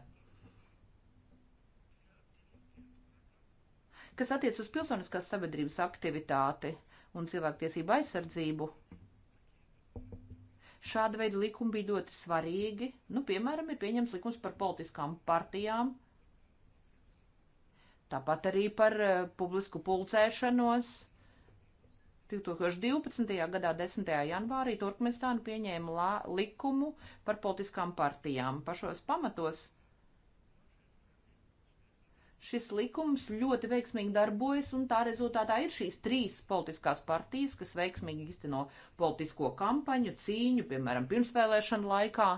Kas attiec uz pilsoniskās sabiedrības aktivitāti un cilvēktiesību aizsardzību, šāda veida likumi bija ļoti svarīgi. Nu, piemēram, ir pieņems likums par politiskām partijām – Tāpat arī par eh, publisku pulcēšanos. 2012. gadā 10. janvārī Turkmenistāna pieņēma lā, likumu par politiskām partijām. Pašos pamatos šis likums ļoti veiksmīgi darbojas, un tā rezultātā ir šīs trīs politiskās partijas, kas veiksmīgi izteno politisko kampaņu, cīņu, piemēram, pirmsvēlēšanu laikā.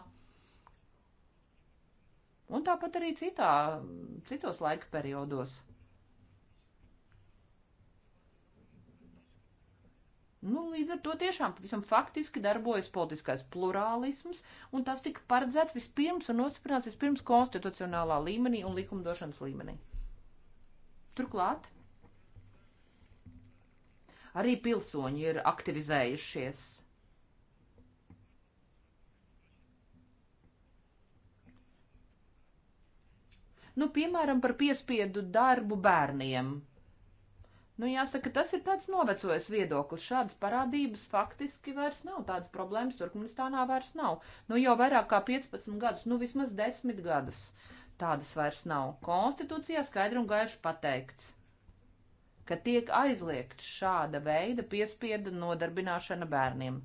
Un tāpat arī citā, citos laika periodos. Nu, līdz ar to tiešām pavisam faktiski darbojas politiskais plurālisms, un tas tika paredzēts vispirms un nostiprināts vispirms konstitucionālā līmenī un likumdošanas līmenī. Turklāt arī pilsoņi ir aktivizējušies Nu, piemēram, par piespiedu darbu bērniem. Nu, jāsaka, tas ir tāds novecojis viedoklis. Šādas parādības faktiski vairs nav. Tādas problēmas Turkmenistānā vairs nav. Nu, jau vairāk kā 15 gadus, nu, vismaz 10 gadus. Tādas vairs nav. Konstitūcijā skaidri un gaiši pateikts, ka tiek aizliegts šāda veida piespiedu nodarbināšana bērniem.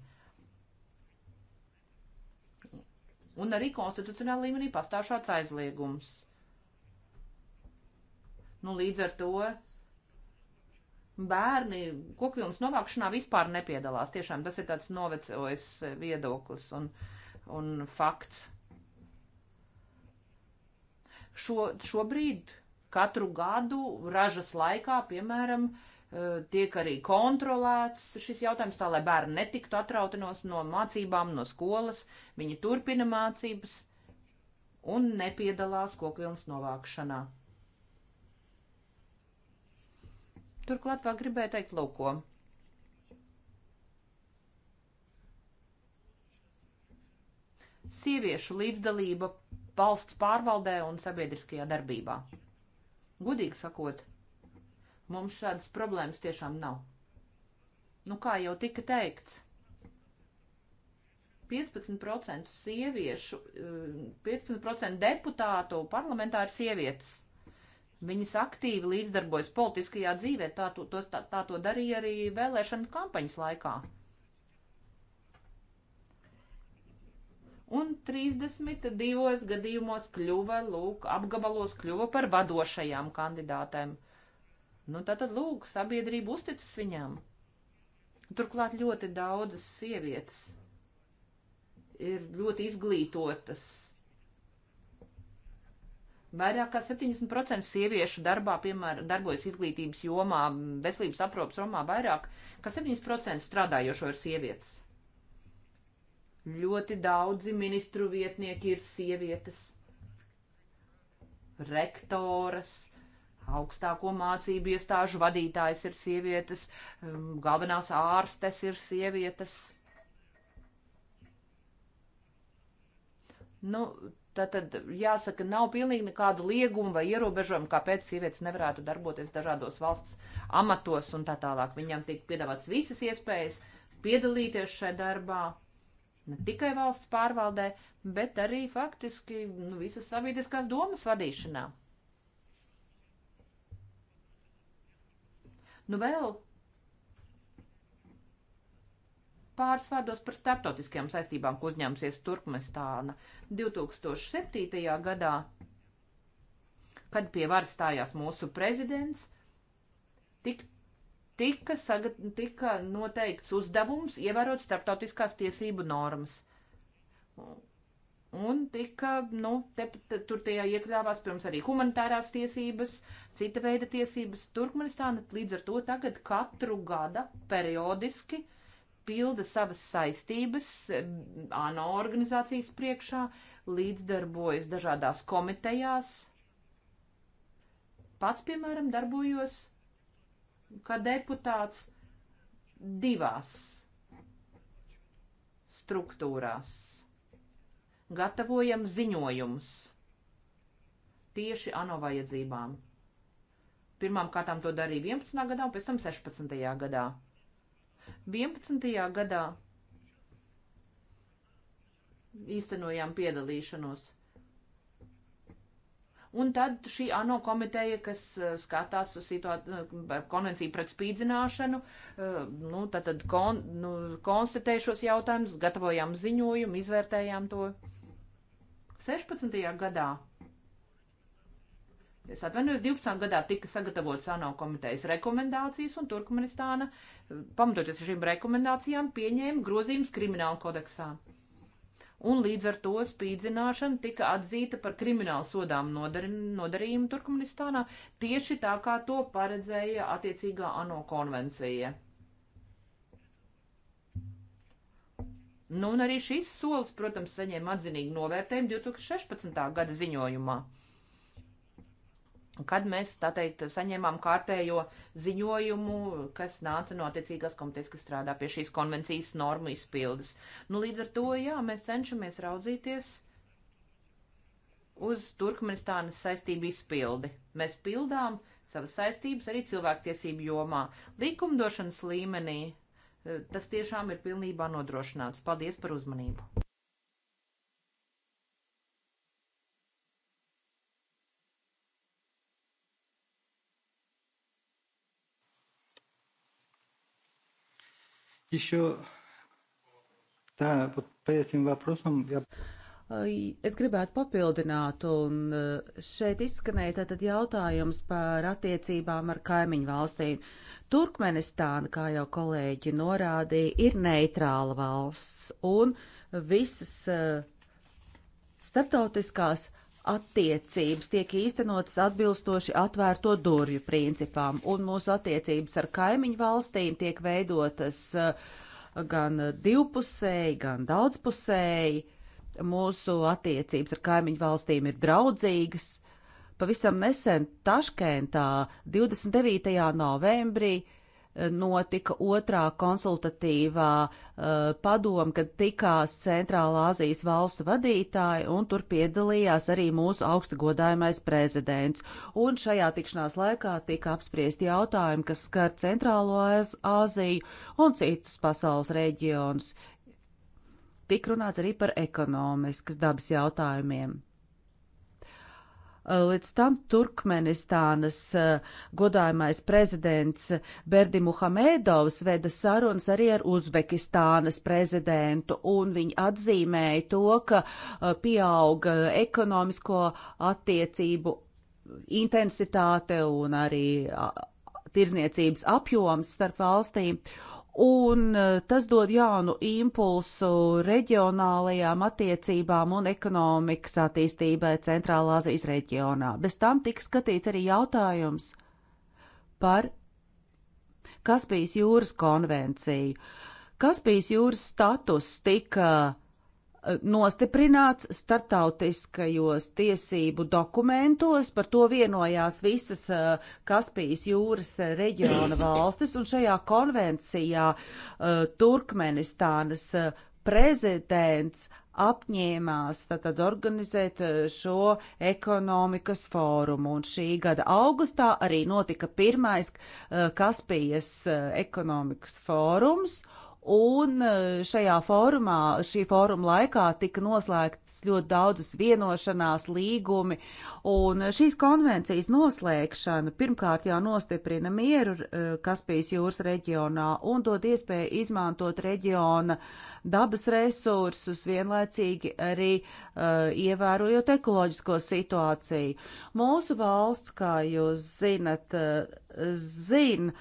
Un arī konstitucionālā līmenī pastāv šāds aizliegums. Nu, līdz ar to bērni kokvilnas novākšanā vispār nepiedalās. Tiešām tas ir tāds novecojis viedoklis un, un fakts. Šo, šobrīd katru gadu ražas laikā, piemēram, eh, tiek arī kontrolēts šis jautājums tā, lai bērni netiktu atrautinos no mācībām, no skolas, viņi turpina mācības un nepiedalās kokvilnas novākšanā. Turklāt vēl gribēju teikt lūko. Sieviešu līdzdalība valsts pārvaldē un sabiedriskajā darbībā. Gudīgi sakot, mums šādas problēmas tiešām nav. Nu, kā jau tika teikts, 15% sieviešu, 15% eh, deputātu parlamentā ir sievietes. Viņas aktīvi līdzdarbojas politiskajā dzīvē, tā to, tos, tā, tā to darīja arī vēlēšana kampaņas laikā. Un 32 gadījumos kļuva, lūk, apgabalos kļuva par vadošajām kandidātēm. Nu, tātad, lūk, sabiedrība uzticas viņām. Turklāt ļoti daudzas sievietes ir ļoti izglītotas, Vairāk kā 70% sieviešu darbā, piemēram, darbojas izglītības jomā, veselības aprūpas jomā, vairāk kā 70% strādājošo ir sievietes. Ļoti daudzi ministru vietnieki ir sievietes, rektoras, augstāko mācību iestāžu vadītājs ir sievietes, um, galvenās ārstes ir sievietes. Nu, Tātad, jāsaka, nav pilnīgi nekādu liegumu vai ierobežojumu, kāpēc sievietes nevarētu darboties dažādos valsts amatos un tā tālāk. Viņām tiek piedāvāts visas iespējas piedalīties šajā darbā, ne tikai valsts pārvaldē, bet arī faktiski nu, visas sabiedriskās domas vadīšanā. Nu vēl pāris vārdos par starptautiskajām saistībām, ko uzņēmusies Turkmestāna 2007. gadā, kad pie varas stājās mūsu prezidents, tik, tika, saga, tika noteikts uzdevums ievērot starptautiskās tiesību normas. Un tika, nu, te, te, tur tajā iekļāvās, pirms arī humanitārās tiesības, cita veida tiesības. Turkmenistāna līdz ar to tagad katru gada periodiski uh, pilda savas saistības ANO organizācijas priekšā, līdzdarbojas dažādās komitejās. Pats, piemēram, darbojos kā deputāts divās struktūrās. Gatavojam ziņojumus tieši ANO vajadzībām. Pirmām kārtām to darīja 11. gadā un pēc tam 16. gadā. 11. gadā īstenojām piedalīšanos. Un tad šī ANO komiteja, kas eh, skatās uz situāciju par eh, konvenciju pret spīdzināšanu, eh, nu, tad, tad kon, nu, konstatēja šos jautājumus, gatavojām ziņojumu, izvērtējām to. 16. gadā Es atvainojos, 12. gadā tika sagatavotas ANO komitejas rekomendācijas, un Turkmenistāna, eh, pamatoties šīm rekomendācijām, pieņēma grozījumus krimināla kodeksā. Un līdz ar to spīdzināšana tika atzīta par kriminālu sodām nodari, nodarījumu Turkmenistānā, tieši tā kā to paredzēja attiecīgā ANO konvencija. Nu, un arī šis solis, protams, saņēma atzinīgu novērtējumu 2016. gada ziņojumā kad mēs, tā teikt, saņēmām kārtējo ziņojumu, kas nāca no attiecīgās komitejas, kas strādā pie šīs konvencijas normu izpildes. Nu, līdz ar to, jā, mēs cenšamies raudzīties uz Turkmenistānas saistību izpildi. Mēs pildām savas saistības arī cilvēktiesību jomā, likumdošanas līmenī. Eh, tas tiešām ir pilnībā nodrošināts. Paldies par uzmanību! Еще, да, вот по этим вопросам я... Es gribētu papildināt, un э, šeit izskanēja tātad jautājums par attiecībām ar kaimiņu valstīm. Turkmenistāna, kā jau kolēģi norādīja, ir neitrāla valsts, un visas eh, starptautiskās uh, attiecības tiek īstenotas atbilstoši atvērto durvju principām, un mūsu attiecības ar kaimiņu valstīm tiek veidotas eh, gan divpusēji, gan daudzpusēji. Mūsu attiecības ar kaimiņu valstīm ir draudzīgas. Pavisam nesen Taškentā 29. novembrī notika otrā konsultatīvā uh, padoma, kad tikās Centrālā Azijas valstu vadītāji, un tur piedalījās arī mūsu augstagodājumais prezidents. Un šajā tikšanās laikā tika apspriesti jautājumi, kas skar Centrālo Aziju un citus pasaules reģionus. Tik runāts arī par ekonomiskas dabas jautājumiem. Eh, līdz tam Turkmenistānas eh, godājumais prezidents Berdi Muhamedovs veda sarunas arī ar Uzbekistānas prezidentu, un viņi atzīmēja to, ka eh, pieauga ekonomisko attiecību intensitāte un arī tirzniecības apjoms starp valstīm. Uh, un eh, tas dod jaunu impulsu reģionālajām attiecībām un ekonomikas attīstībai Centrālāzijas reģionā. Bez tam tika skatīts arī jautājums par Kaspijas jūras konvenciju. Kaspijas jūras status tika uh, nostiprināts starptautiskajos tiesību dokumentos, par to vienojās visas Kaspijas jūras reģiona valstis, un šajā konvencijā Turkmenistānas prezidents apņēmās tātad organizēt šo ekonomikas fórumu. Un šī gada augustā arī notika pirmais Kaspijas ekonomikas fórums. Uh, Un e, šajā fórumā, šī fóruma laikā tika noslēgts ļoti daudzas vienošanās, līgumi, un e, šīs konvencijas noslēgšana pirmkārt jau nostiprina mieru e, Kaspijas jūras reģionā un dod iespēju izmantot reģiona dabas resursus, vienlaicīgi arī uh, ievērojot ekoloģisko situāciju. Mūsu valsts, kā jūs zinat, uh, zina,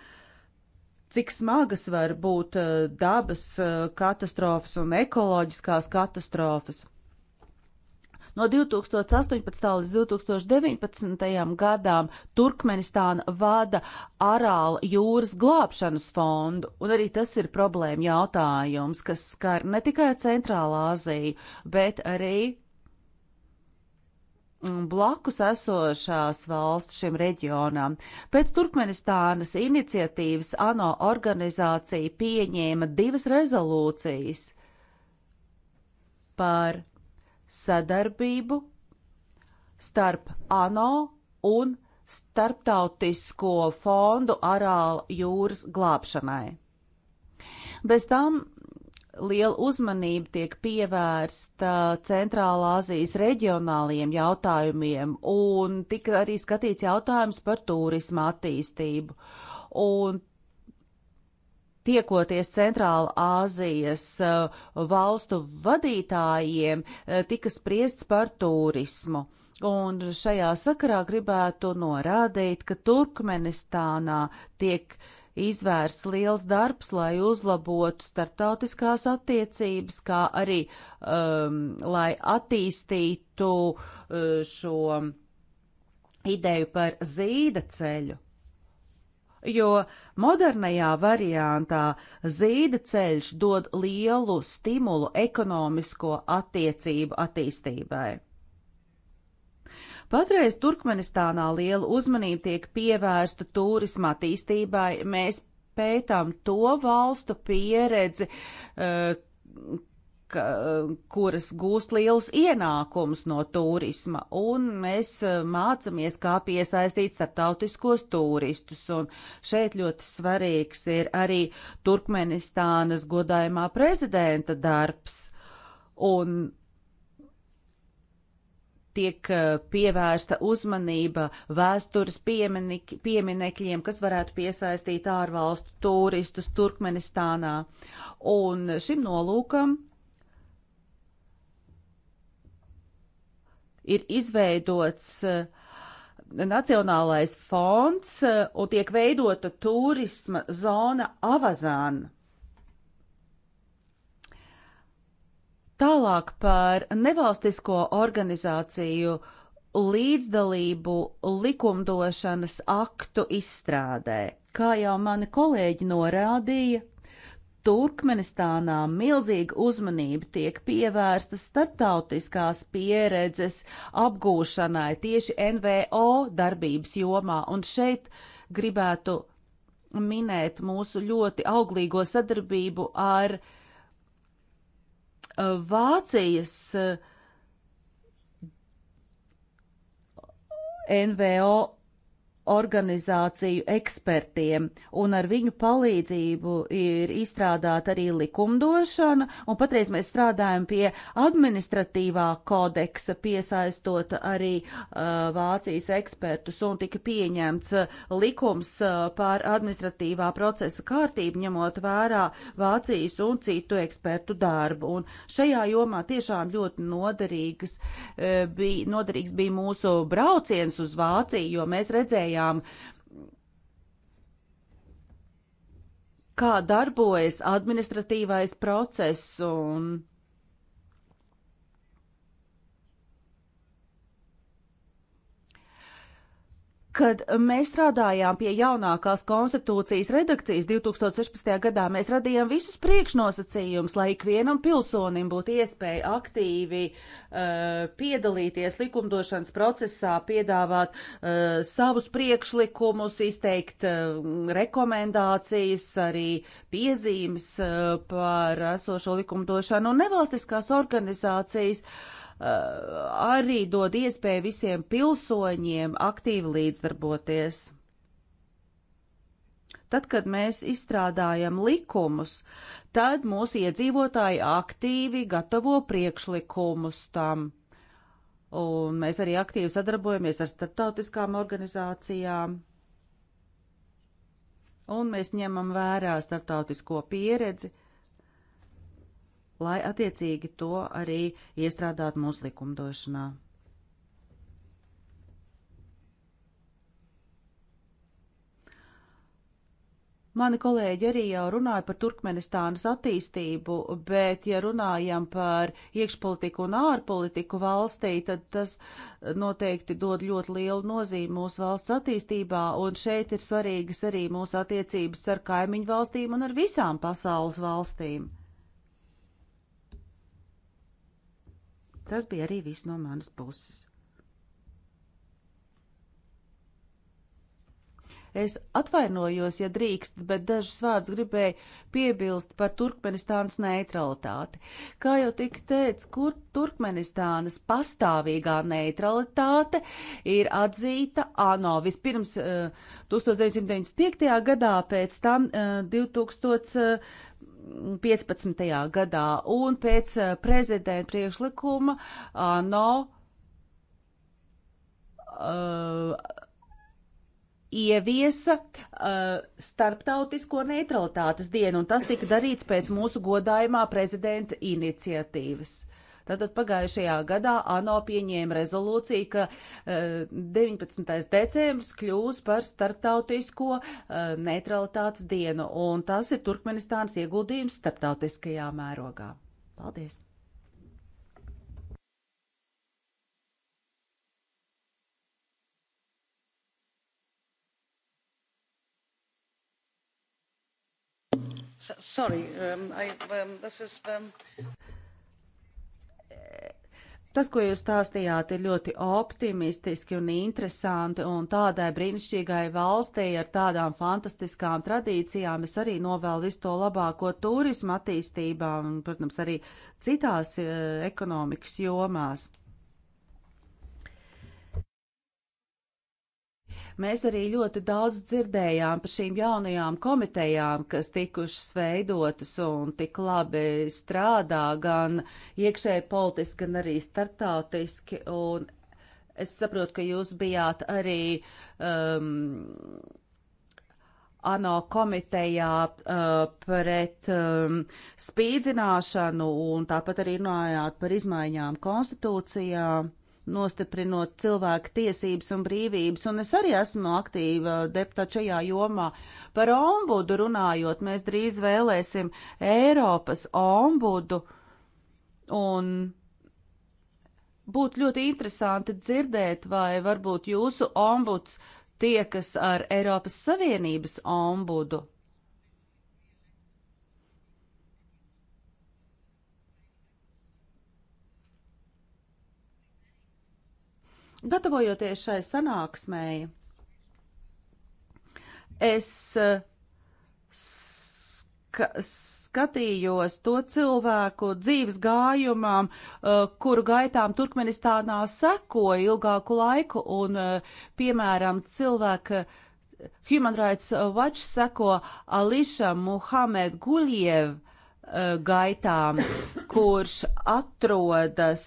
cik smagas var būt eh, dabas eh, katastrofas un ekoloģiskās katastrofas. No 2018. līdz 2019. gadām Turkmenistāna vada Arāla jūras glābšanas fondu, un arī tas ir problēma jautājums, kas skar ne tikai Centrālā Aziju, bet arī Mm, blakus esošās valsts šim reģionam. Pēc Turkmenistānas iniciatīvas ANO organizācija pieņēma divas rezolūcijas par sadarbību starp ANO un starptautisko fondu arāla jūras glābšanai. Bez tam liela uzmanība tiek pievērsta Centrālā Azijas reģionāliem jautājumiem, un tika arī skatīts jautājums par turisma attīstību. Un tiekoties Centrāla Āzijas uh, valstu vadītājiem, uh, tika spriests par turismu. Un šajā sakarā gribētu norādīt, ka Turkmenistānā tiek uh, izvērs liels darbs, lai uzlabotu starptautiskās attiecības, kā arī um, lai attīstītu uh, šo ideju par zīda ceļu. Jo modernajā variantā zīda ceļš dod lielu stimulu ekonomisko attiecību attīstībai. Patreiz Turkmenistānā liela uzmanība tiek pievērsta turisma attīstībai. Mēs pētām to valstu pieredzi, eh, ka, kuras gūst lielus ienākumus no turisma, un mēs eh, mācāmies, kā piesaistīt starptautiskos turistus. Un šeit ļoti svarīgs ir arī Turkmenistānas godājumā prezidenta darbs. Un tiek eh, pievērsta uzmanība vēstures pieminekļiem, kas varētu piesaistīt ārvalstu turistus Turkmenistānā. Un šim nolūkam ir izveidots eh, Nacionālais fonds eh, un tiek veidota turisma zona Avazāna. Tālāk par nevalstisko organizāciju līdzdalību likumdošanas aktu izstrādē. Kā jau mani kolēģi norādīja, Turkmenistānā milzīga uzmanība tiek pievērsta starptautiskās pieredzes apgūšanai tieši NVO darbības jomā, un šeit gribētu minēt mūsu ļoti auglīgo sadarbību ar uh, Vācijas eh, NVO organizāciju ekspertiem, un ar viņu palīdzību ir izstrādāta arī likumdošana, un patreiz mēs strādājam pie administratīvā kodeksa, piesaistot arī uh, Vācijas ekspertus, un tika pieņemts uh, likums uh, pār administratīvā procesa kārtību, ņemot vērā Vācijas un citu ekspertu darbu. Un šajā jomā tiešām ļoti noderīgas, uh, bija, noderīgs bija mūsu brauciens uz Vāciju, jo mēs redzējām, diskusijām. Kā darbojas administratīvais process un Kad mēs strādājām pie jaunākās konstitūcijas redakcijas 2016. gadā, mēs radījām visus priekšnosacījumus, lai ikvienam pilsonim būtu iespēja aktīvi uh, piedalīties likumdošanas procesā, piedāvāt uh, savus priekšlikumus, izteikt uh, rekomendācijas, arī piezīmes uh, par esošo likumdošanu un nevalstiskās organizācijas. Uh, Uh, arī dod iespēju visiem pilsoņiem aktīvi līdzdarboties. Tad, kad mēs izstrādājam likumus, tad mūsu iedzīvotāji aktīvi gatavo priekšlikumus tam. Un mēs arī aktīvi sadarbojamies ar starptautiskām organizācijām. Un mēs ņemam vērā starptautisko pieredzi, uh, lai attiecīgi to arī iestrādātu mūsu likumdošanā. Mani kolēģi arī jau runāja par Turkmenistānas attīstību, bet, ja runājam par iekšpolitiku un ārpolitiku valstī, tad tas noteikti dod ļoti lielu nozīmi mūsu valsts attīstībā, un šeit ir svarīgas arī mūsu attiecības ar kaimiņu valstīm un ar visām pasaules valstīm. Tas bija arī viss no manas puses. Es atvainojos, ja drīkst, bet dažus vārdus gribēju piebilst par Turkmenistānas neutralitāti. Kā jau tika teicis, kur Turkmenistānas pastāvīgā neutralitāte ir atzīta ANO vispirms 1995. Eh, gadā, pēc tam 2000. Eh, 15. gadā, un pēc eh, prezidenta priekšlikuma ANO uh, ieviesa uh, starptautisko neutralitātes dienu, un tas tika darīts pēc mūsu godājumā prezidenta iniciatīvas. Uh, Tātad pagājušajā gadā ANO pieņēma rezolūciju, ka uh, e, 19. decembris kļūs par starptautisko uh, neutralitātes dienu, un tas ir Turkmenistānas ieguldījums starptautiskajā mērogā. Paldies! sorry um, I, um, this is um Tas, ko jūs stāstījāt, ir ļoti optimistiski un interesanti, un tādai brīnišķīgai valstī ar tādām fantastiskām tradīcijām es arī novēlu visu to labāko turismu attīstībā un, protams, arī citās e, ekonomikas jomās. Mēs arī ļoti daudz dzirdējām par šīm jaunajām komitejām, kas tikušas veidotas un tik labi strādā gan iekšēji politiski, gan arī starptautiski. Un es saprotu, ka jūs bijāt arī. Um, ANO komitejā uh, pret um, spīdzināšanu un tāpat arī runājāt par izmaiņām konstitūcijām nostiprinot cilvēku tiesības un brīvības, un es arī esmu aktīva deputāta šajā jomā. Par ombudu runājot, mēs drīz vēlēsim Eiropas ombudu, un būtu ļoti interesanti dzirdēt, vai varbūt jūsu ombuds tiekas ar Eiropas Savienības ombudu. Gatavojoties šai sanāksmēji, es ska skatījos to cilvēku dzīves gājumam, eh, kuru gaitām Turkmenistānā sekoja ilgāku laiku, un, eh, piemēram, cilvēka eh, Human Rights Watch seko Ališa Muhamed Guljev gaitām, kurš atrodas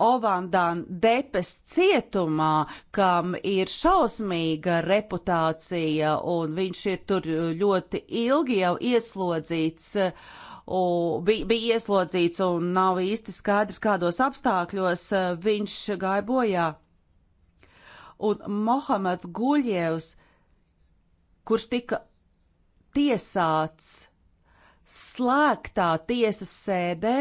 Ovandan Depes cietumā, kam ir šausmīga reputācija, un viņš ir tur ļoti ilgi jau ieslodzīts. U, bija, bija ieslodzīts un nav īsti skaidrs, kādos apstākļos e, viņš gāja bojā. Un Mohameds Guļievs, kurš tika tiesāts slēgtā tiesas sēdē,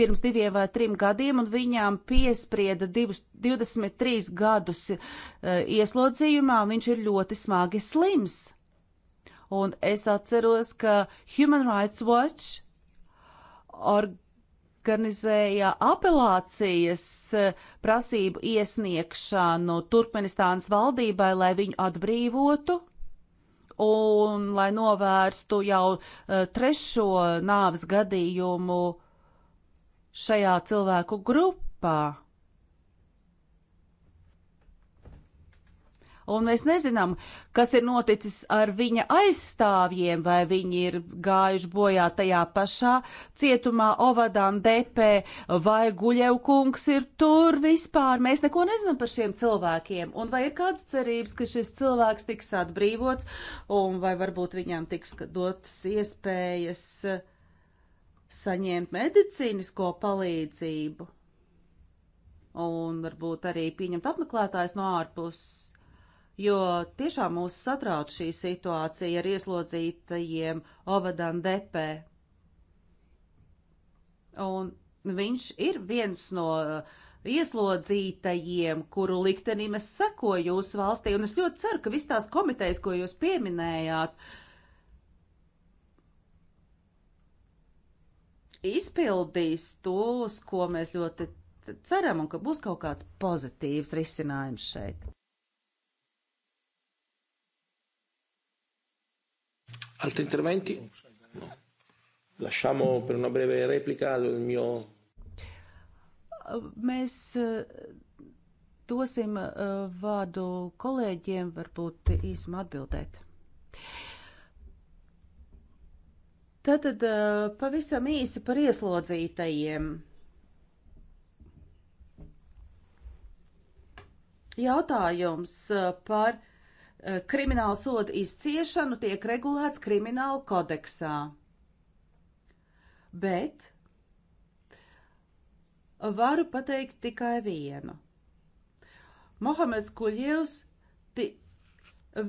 pirms diviem vai trim gadiem, un viņām piesprieda divus, 23 gadus uh, ieslodzījumā, un viņš ir ļoti smagi slims. Un es atceros, ka Human Rights Watch organizēja apelācijas eh, prasību iesniegšanu Turkmenistānas valdībai, lai viņu atbrīvotu un lai novērstu jau eh, trešo nāves gadījumu uh, šajā cilvēku grupā. un mēs nezinām, kas ir noticis ar viņa aizstāvjiem, vai viņi ir gājuši bojā tajā pašā cietumā, Ovadan Depē, vai Guļevkungs ir tur vispār. Mēs neko nezinām par šiem cilvēkiem, un vai ir kādas cerības, ka šis cilvēks tiks atbrīvots, un vai varbūt viņām tiks dotas iespējas. Uh, saņemt medicīnisko palīdzību un varbūt arī pieņemt apmeklētājs no ārpuses, jo tiešām mūs satrauc šī situācija ar ieslodzītajiem Ovadan Depē. Un viņš ir viens no uh, ieslodzītajiem, kuru liktenim es sekoju jūsu valstī, un es ļoti ceru, ka viss tās komitejas, ko jūs pieminējāt, uh, izpildīs tos, ko mēs ļoti ceram, un ka būs kaut kāds pozitīvs risinājums šeit. Altri interventi? No. Lasciamo per una breve replica il mio. Mēs eh, dosim eh, vārdu kolēģiem, varbūt īsumā atbildēt. Tātad eh, pavisam īsi par ieslodzītajiem. Jautājums eh, par eh, kriminālu sodu izciešanu tiek regulēts kriminālu kodeksā. Bet varu pateikt tikai vienu. Mohameds Kuļievs, ti,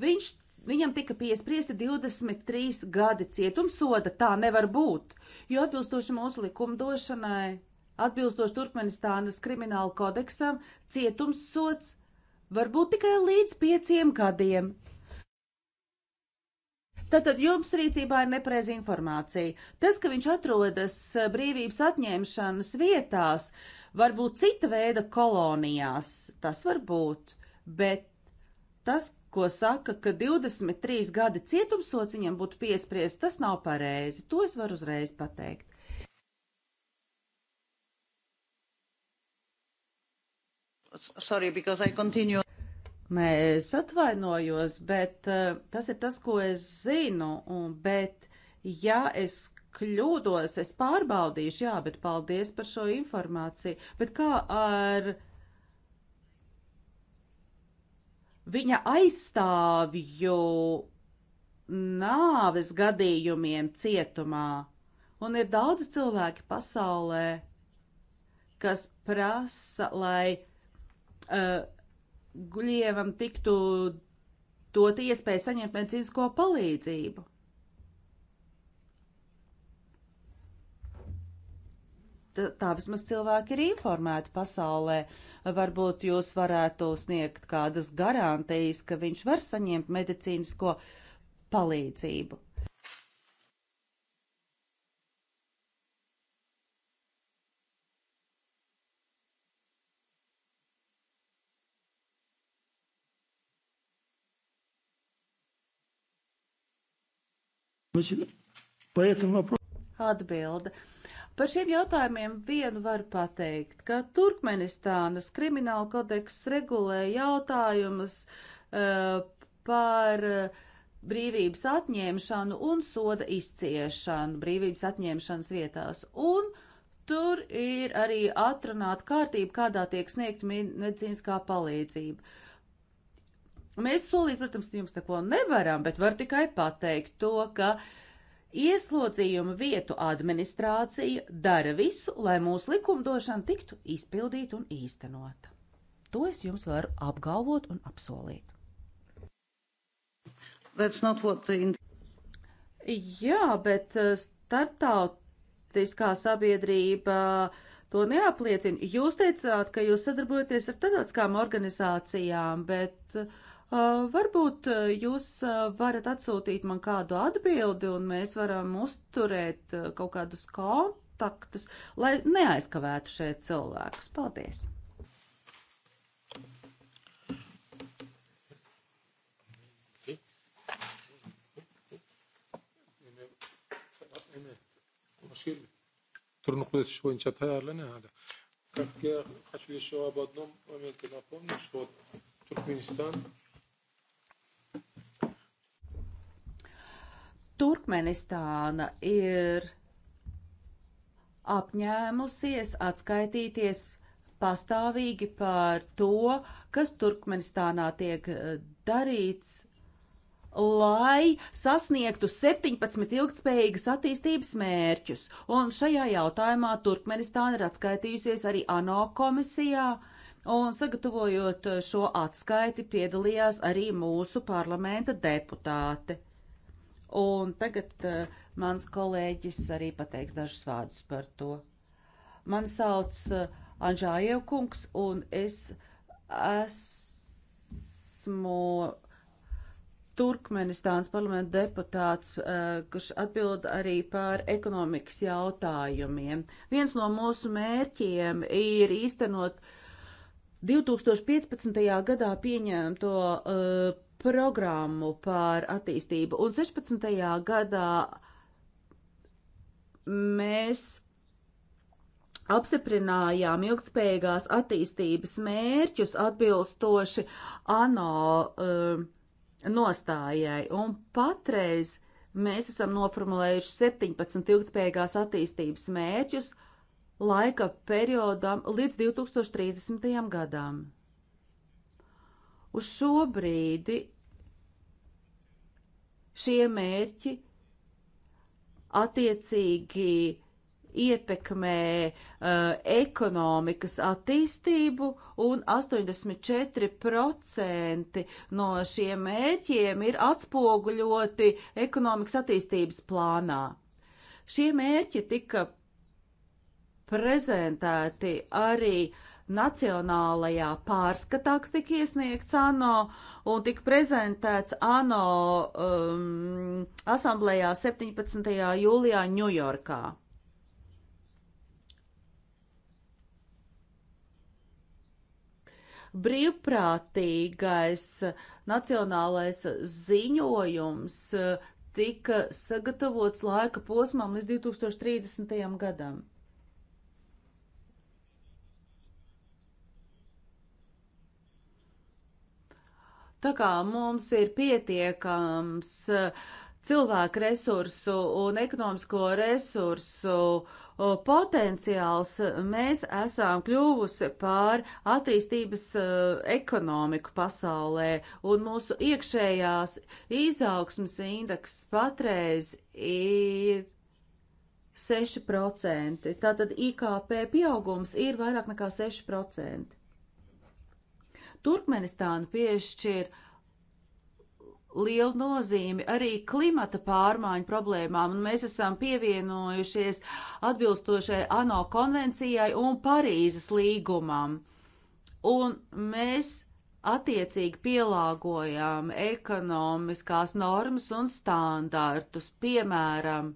viņš Viņam tika piespriesti 23 gadi cietumsoda, tā nevar būt, jo atbilstoši mūsu likumdošanai, atbilstoši Turkmenistānas krimināla kodeksam, cietumsots var būt tikai līdz pieciem gadiem. Tātad jums rīcībā ir nepareiza informācija. Tas, ka viņš atrodas brīvības atņemšanas vietās, varbūt cita veida kolonijās, tas var būt, bet Tas, ko saka, ka 23 gadi cietumsots viņam būtu piespriezt, tas nav pareizi. To es varu uzreiz pateikt. Sorry, because I continue. Nē, es atvainojos, bet uh, tas ir tas, ko es zinu, un, bet ja es kļūdos, es pārbaudīšu, jā, bet paldies par šo informāciju. Bet kā ar uh, viņa aizstāvju nāves gadījumiem cietumā, un ir daudzi cilvēki pasaulē, kas prasa, lai uh, guļievam tiktu dot iespēju saņemt medicīnisko palīdzību. Eh, tā vismaz cilvēki ir informēti pasaulē. Varbūt jūs varētu sniegt kādas garantijas, ka viņš var saņemt medicīnisko palīdzību. Atbilde. Par šiem jautājumiem vienu var pateikt, ka Turkmenistānas krimināla kodeks regulē jautājumus uh, par eh, brīvības atņemšanu un soda izciešanu brīvības atņemšanas vietās. Un tur ir arī atrunāta kārtība, kādā tiek sniegt medicīniskā palīdzība. Mēs solīt, protams, jums neko nevaram, bet var tikai pateikt to, ka uh, Ieslodzījuma vietu administrācija dara visu, lai mūsu likumdošana tiktu izpildīta un īstenota. To es jums varu apgalvot un apsolīt. The... Jā, bet uh, startautiskā sabiedrība to neapliecina. Jūs teicāt, ka jūs sadarbojaties ar starptautiskām organizācijām, bet uh, Varbūt jūs varat atsūtīt man kādu atbildi, un mēs varam uzturēt kaut kādus kontaktus, lai neaizkavētu šeit cilvēkus. Paldies! Tur nuk bëhet shkojnë që ata janë lënë ata. Ka të gjë, ka që vishë o abadnëm, o mjëllë të napëm, në shkot Turkmenistan, Turkmenistāna ir apņēmusies atskaitīties pastāvīgi par to, kas Turkmenistānā tiek eh, darīts, lai sasniegtu 17 ilgtspējīgas attīstības mērķus. Un šajā jautājumā Turkmenistāna ir atskaitījusies arī ANO komisijā, un sagatavojot eh, šo atskaiti piedalījās arī mūsu parlamenta deputāte. Un tagad uh, mans kolēģis arī pateiks dažus vārdus par to. Mani sauc uh, eh, Anžājevkungs, un es esmu Turkmenistāns parlamenta deputāts, eh, kurš atbild arī par ekonomikas jautājumiem. Viens no mūsu mērķiem ir īstenot 2015. gadā pieņemto uh, programmu par attīstību. Un 16. gadā mēs apstiprinājām ilgtspējīgās attīstības mērķus atbilstoši ANO uh, nostājai. Un patreiz mēs esam noformulējuši 17 ilgtspējīgās attīstības mērķus laika periodam līdz 2030. gadam. Uz šo brīdi šie mērķi attiecīgi ietekmē uh, ekonomikas attīstību, un 84% no šiem mērķiem ir atspoguļoti ekonomikas attīstības plānā. Šie mērķi tika prezentēti arī uh, nacionālajā pārskatā, kas tika iesniegts ANO un tika prezentēts ANO um, asamblējā 17. jūlijā Ņujorkā. Brīvprātīgais nacionālais ziņojums uh, tika sagatavots laika posmām līdz 2030. gadam. Tā kā mums ir pietiekams eh, cilvēku resursu un ekonomisko resursu eh, potenciāls, mēs esam kļuvusi pār attīstības eh, ekonomiku pasaulē, un mūsu iekšējās izaugsmas indeks patreiz ir 6%. Tātad IKP pieaugums ir vairāk nekā 6%. Turkmenistāna piešķir lielu nozīmi arī klimata pārmaiņu problēmām, un mēs esam pievienojušies atbilstošai ANO konvencijai un Parīzes līgumam. Un mēs attiecīgi pielāgojām ekonomiskās normas un standartus, piemēram,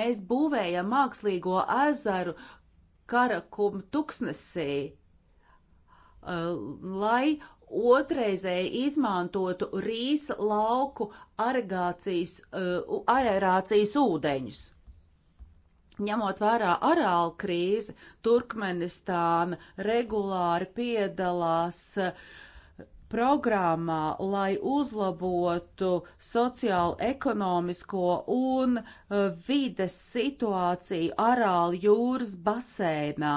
mēs būvējam mākslīgo ezeru Karakum tuksnesī, Uh, lai otrreizēji izmantotu rīsa lauku argācijas, uh, aerācijas ūdeņus. Ņemot vērā arāla krīzi, Turkmenistāna regulāri piedalās uh, programmā, lai uzlabotu sociālo, ekonomisko un vides situāciju arāla jūras basēnā.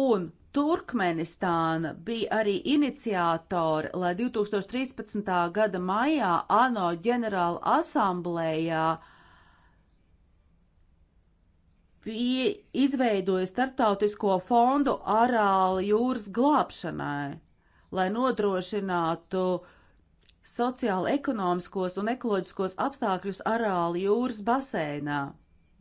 Un Turkmenistāna bija arī iniciātori, lai 2013. gada maijā ANO ģenerāla asamblējā izveidoja starptautisko fondu arāli jūras glābšanai, lai nodrošinātu sociāli ekonomiskos un ekoloģiskos apstākļus arāli jūras basēnā.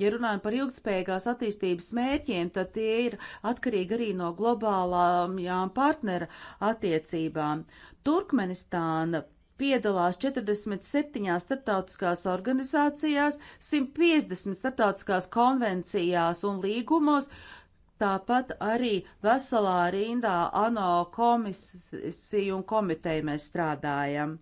Ja runājam par ilgspējīgās attīstības mērķiem, tad tie ir atkarīgi arī no globālām partnera attiecībām. Turkmenistāna piedalās 47 starptautiskās organizācijās, 150 starptautiskās konvencijās un līgumos, tāpat arī veselā rindā ANO komisiju un komiteju mēs strādājam.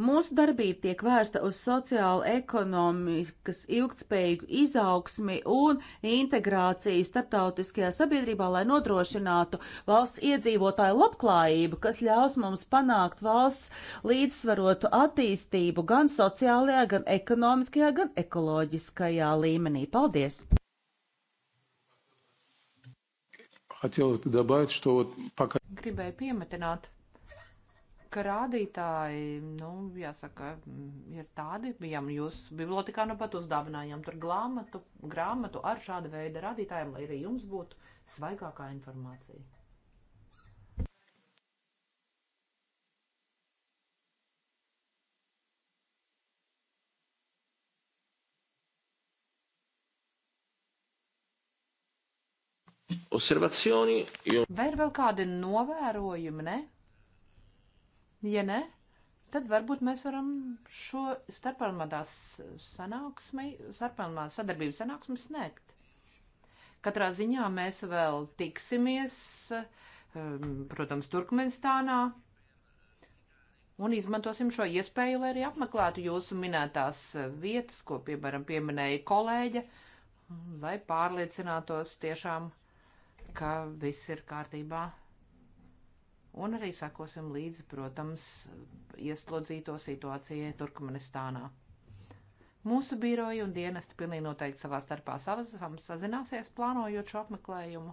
Mūsu darbība tiek vērsta uz sociālu, ekonomikas, ilgtspējīgu izaugsmi un integrāciju starptautiskajā sabiedrībā, lai nodrošinātu valsts iedzīvotāju labklājību, kas ļaus mums panākt valsts līdzsvarotu attīstību gan sociālajā, gan ekonomiskajā, gan ekoloģiskajā līmenī. Paldies! Gribēju piemetināt, ka rādītāji, nu, jāsaka, ir tādi, bijām jūs bibliotekā nu pat uzdāvinājām tur grāmatu, grāmatu ar šāda veida rādītājiem, lai arī jums būtu svaigākā informācija. Osservazioni. Io... Vai ir vēl kādi novērojumi, ne? Ja nē, tad varbūt mēs varam šo starpalmadās sanāksmi, starpalmadās sadarbības sanāksmi sniegt. Katrā ziņā mēs vēl tiksimies, um, protams, Turkmenistānā, un izmantosim šo iespēju, lai arī apmeklētu jūsu minētās vietas, ko, piemēram, pieminēja kolēģe, lai pārliecinātos tiešām, ka viss ir kārtībā un arī sakosim līdzi, protams, ieslodzīto situācijai Turkmenistānā. Mūsu biroji un dienesti pilnīgi noteikti savā starpā savas, sazināsies, plānojot šo apmeklējumu.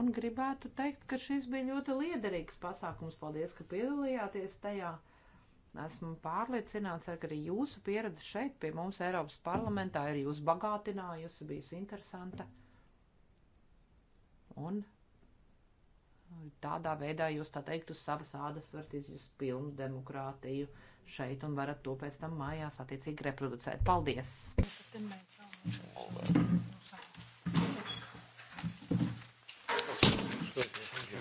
Un gribētu teikt, ka šis bija ļoti liederīgs pasākums. Paldies, ka piedalījāties tajā. Esmu pārliecināts, ka arī jūsu pieredze šeit pie mums Eiropas parlamentā ir jūs bagātinājusi, bijusi interesanta. Un Tādā veidā jūs, tā teikt, uz savas ādas varat izjust pilnu demokrātiju šeit un varat to pēc tam mājās attiecīgi reproducēt. Paldies! Paldies.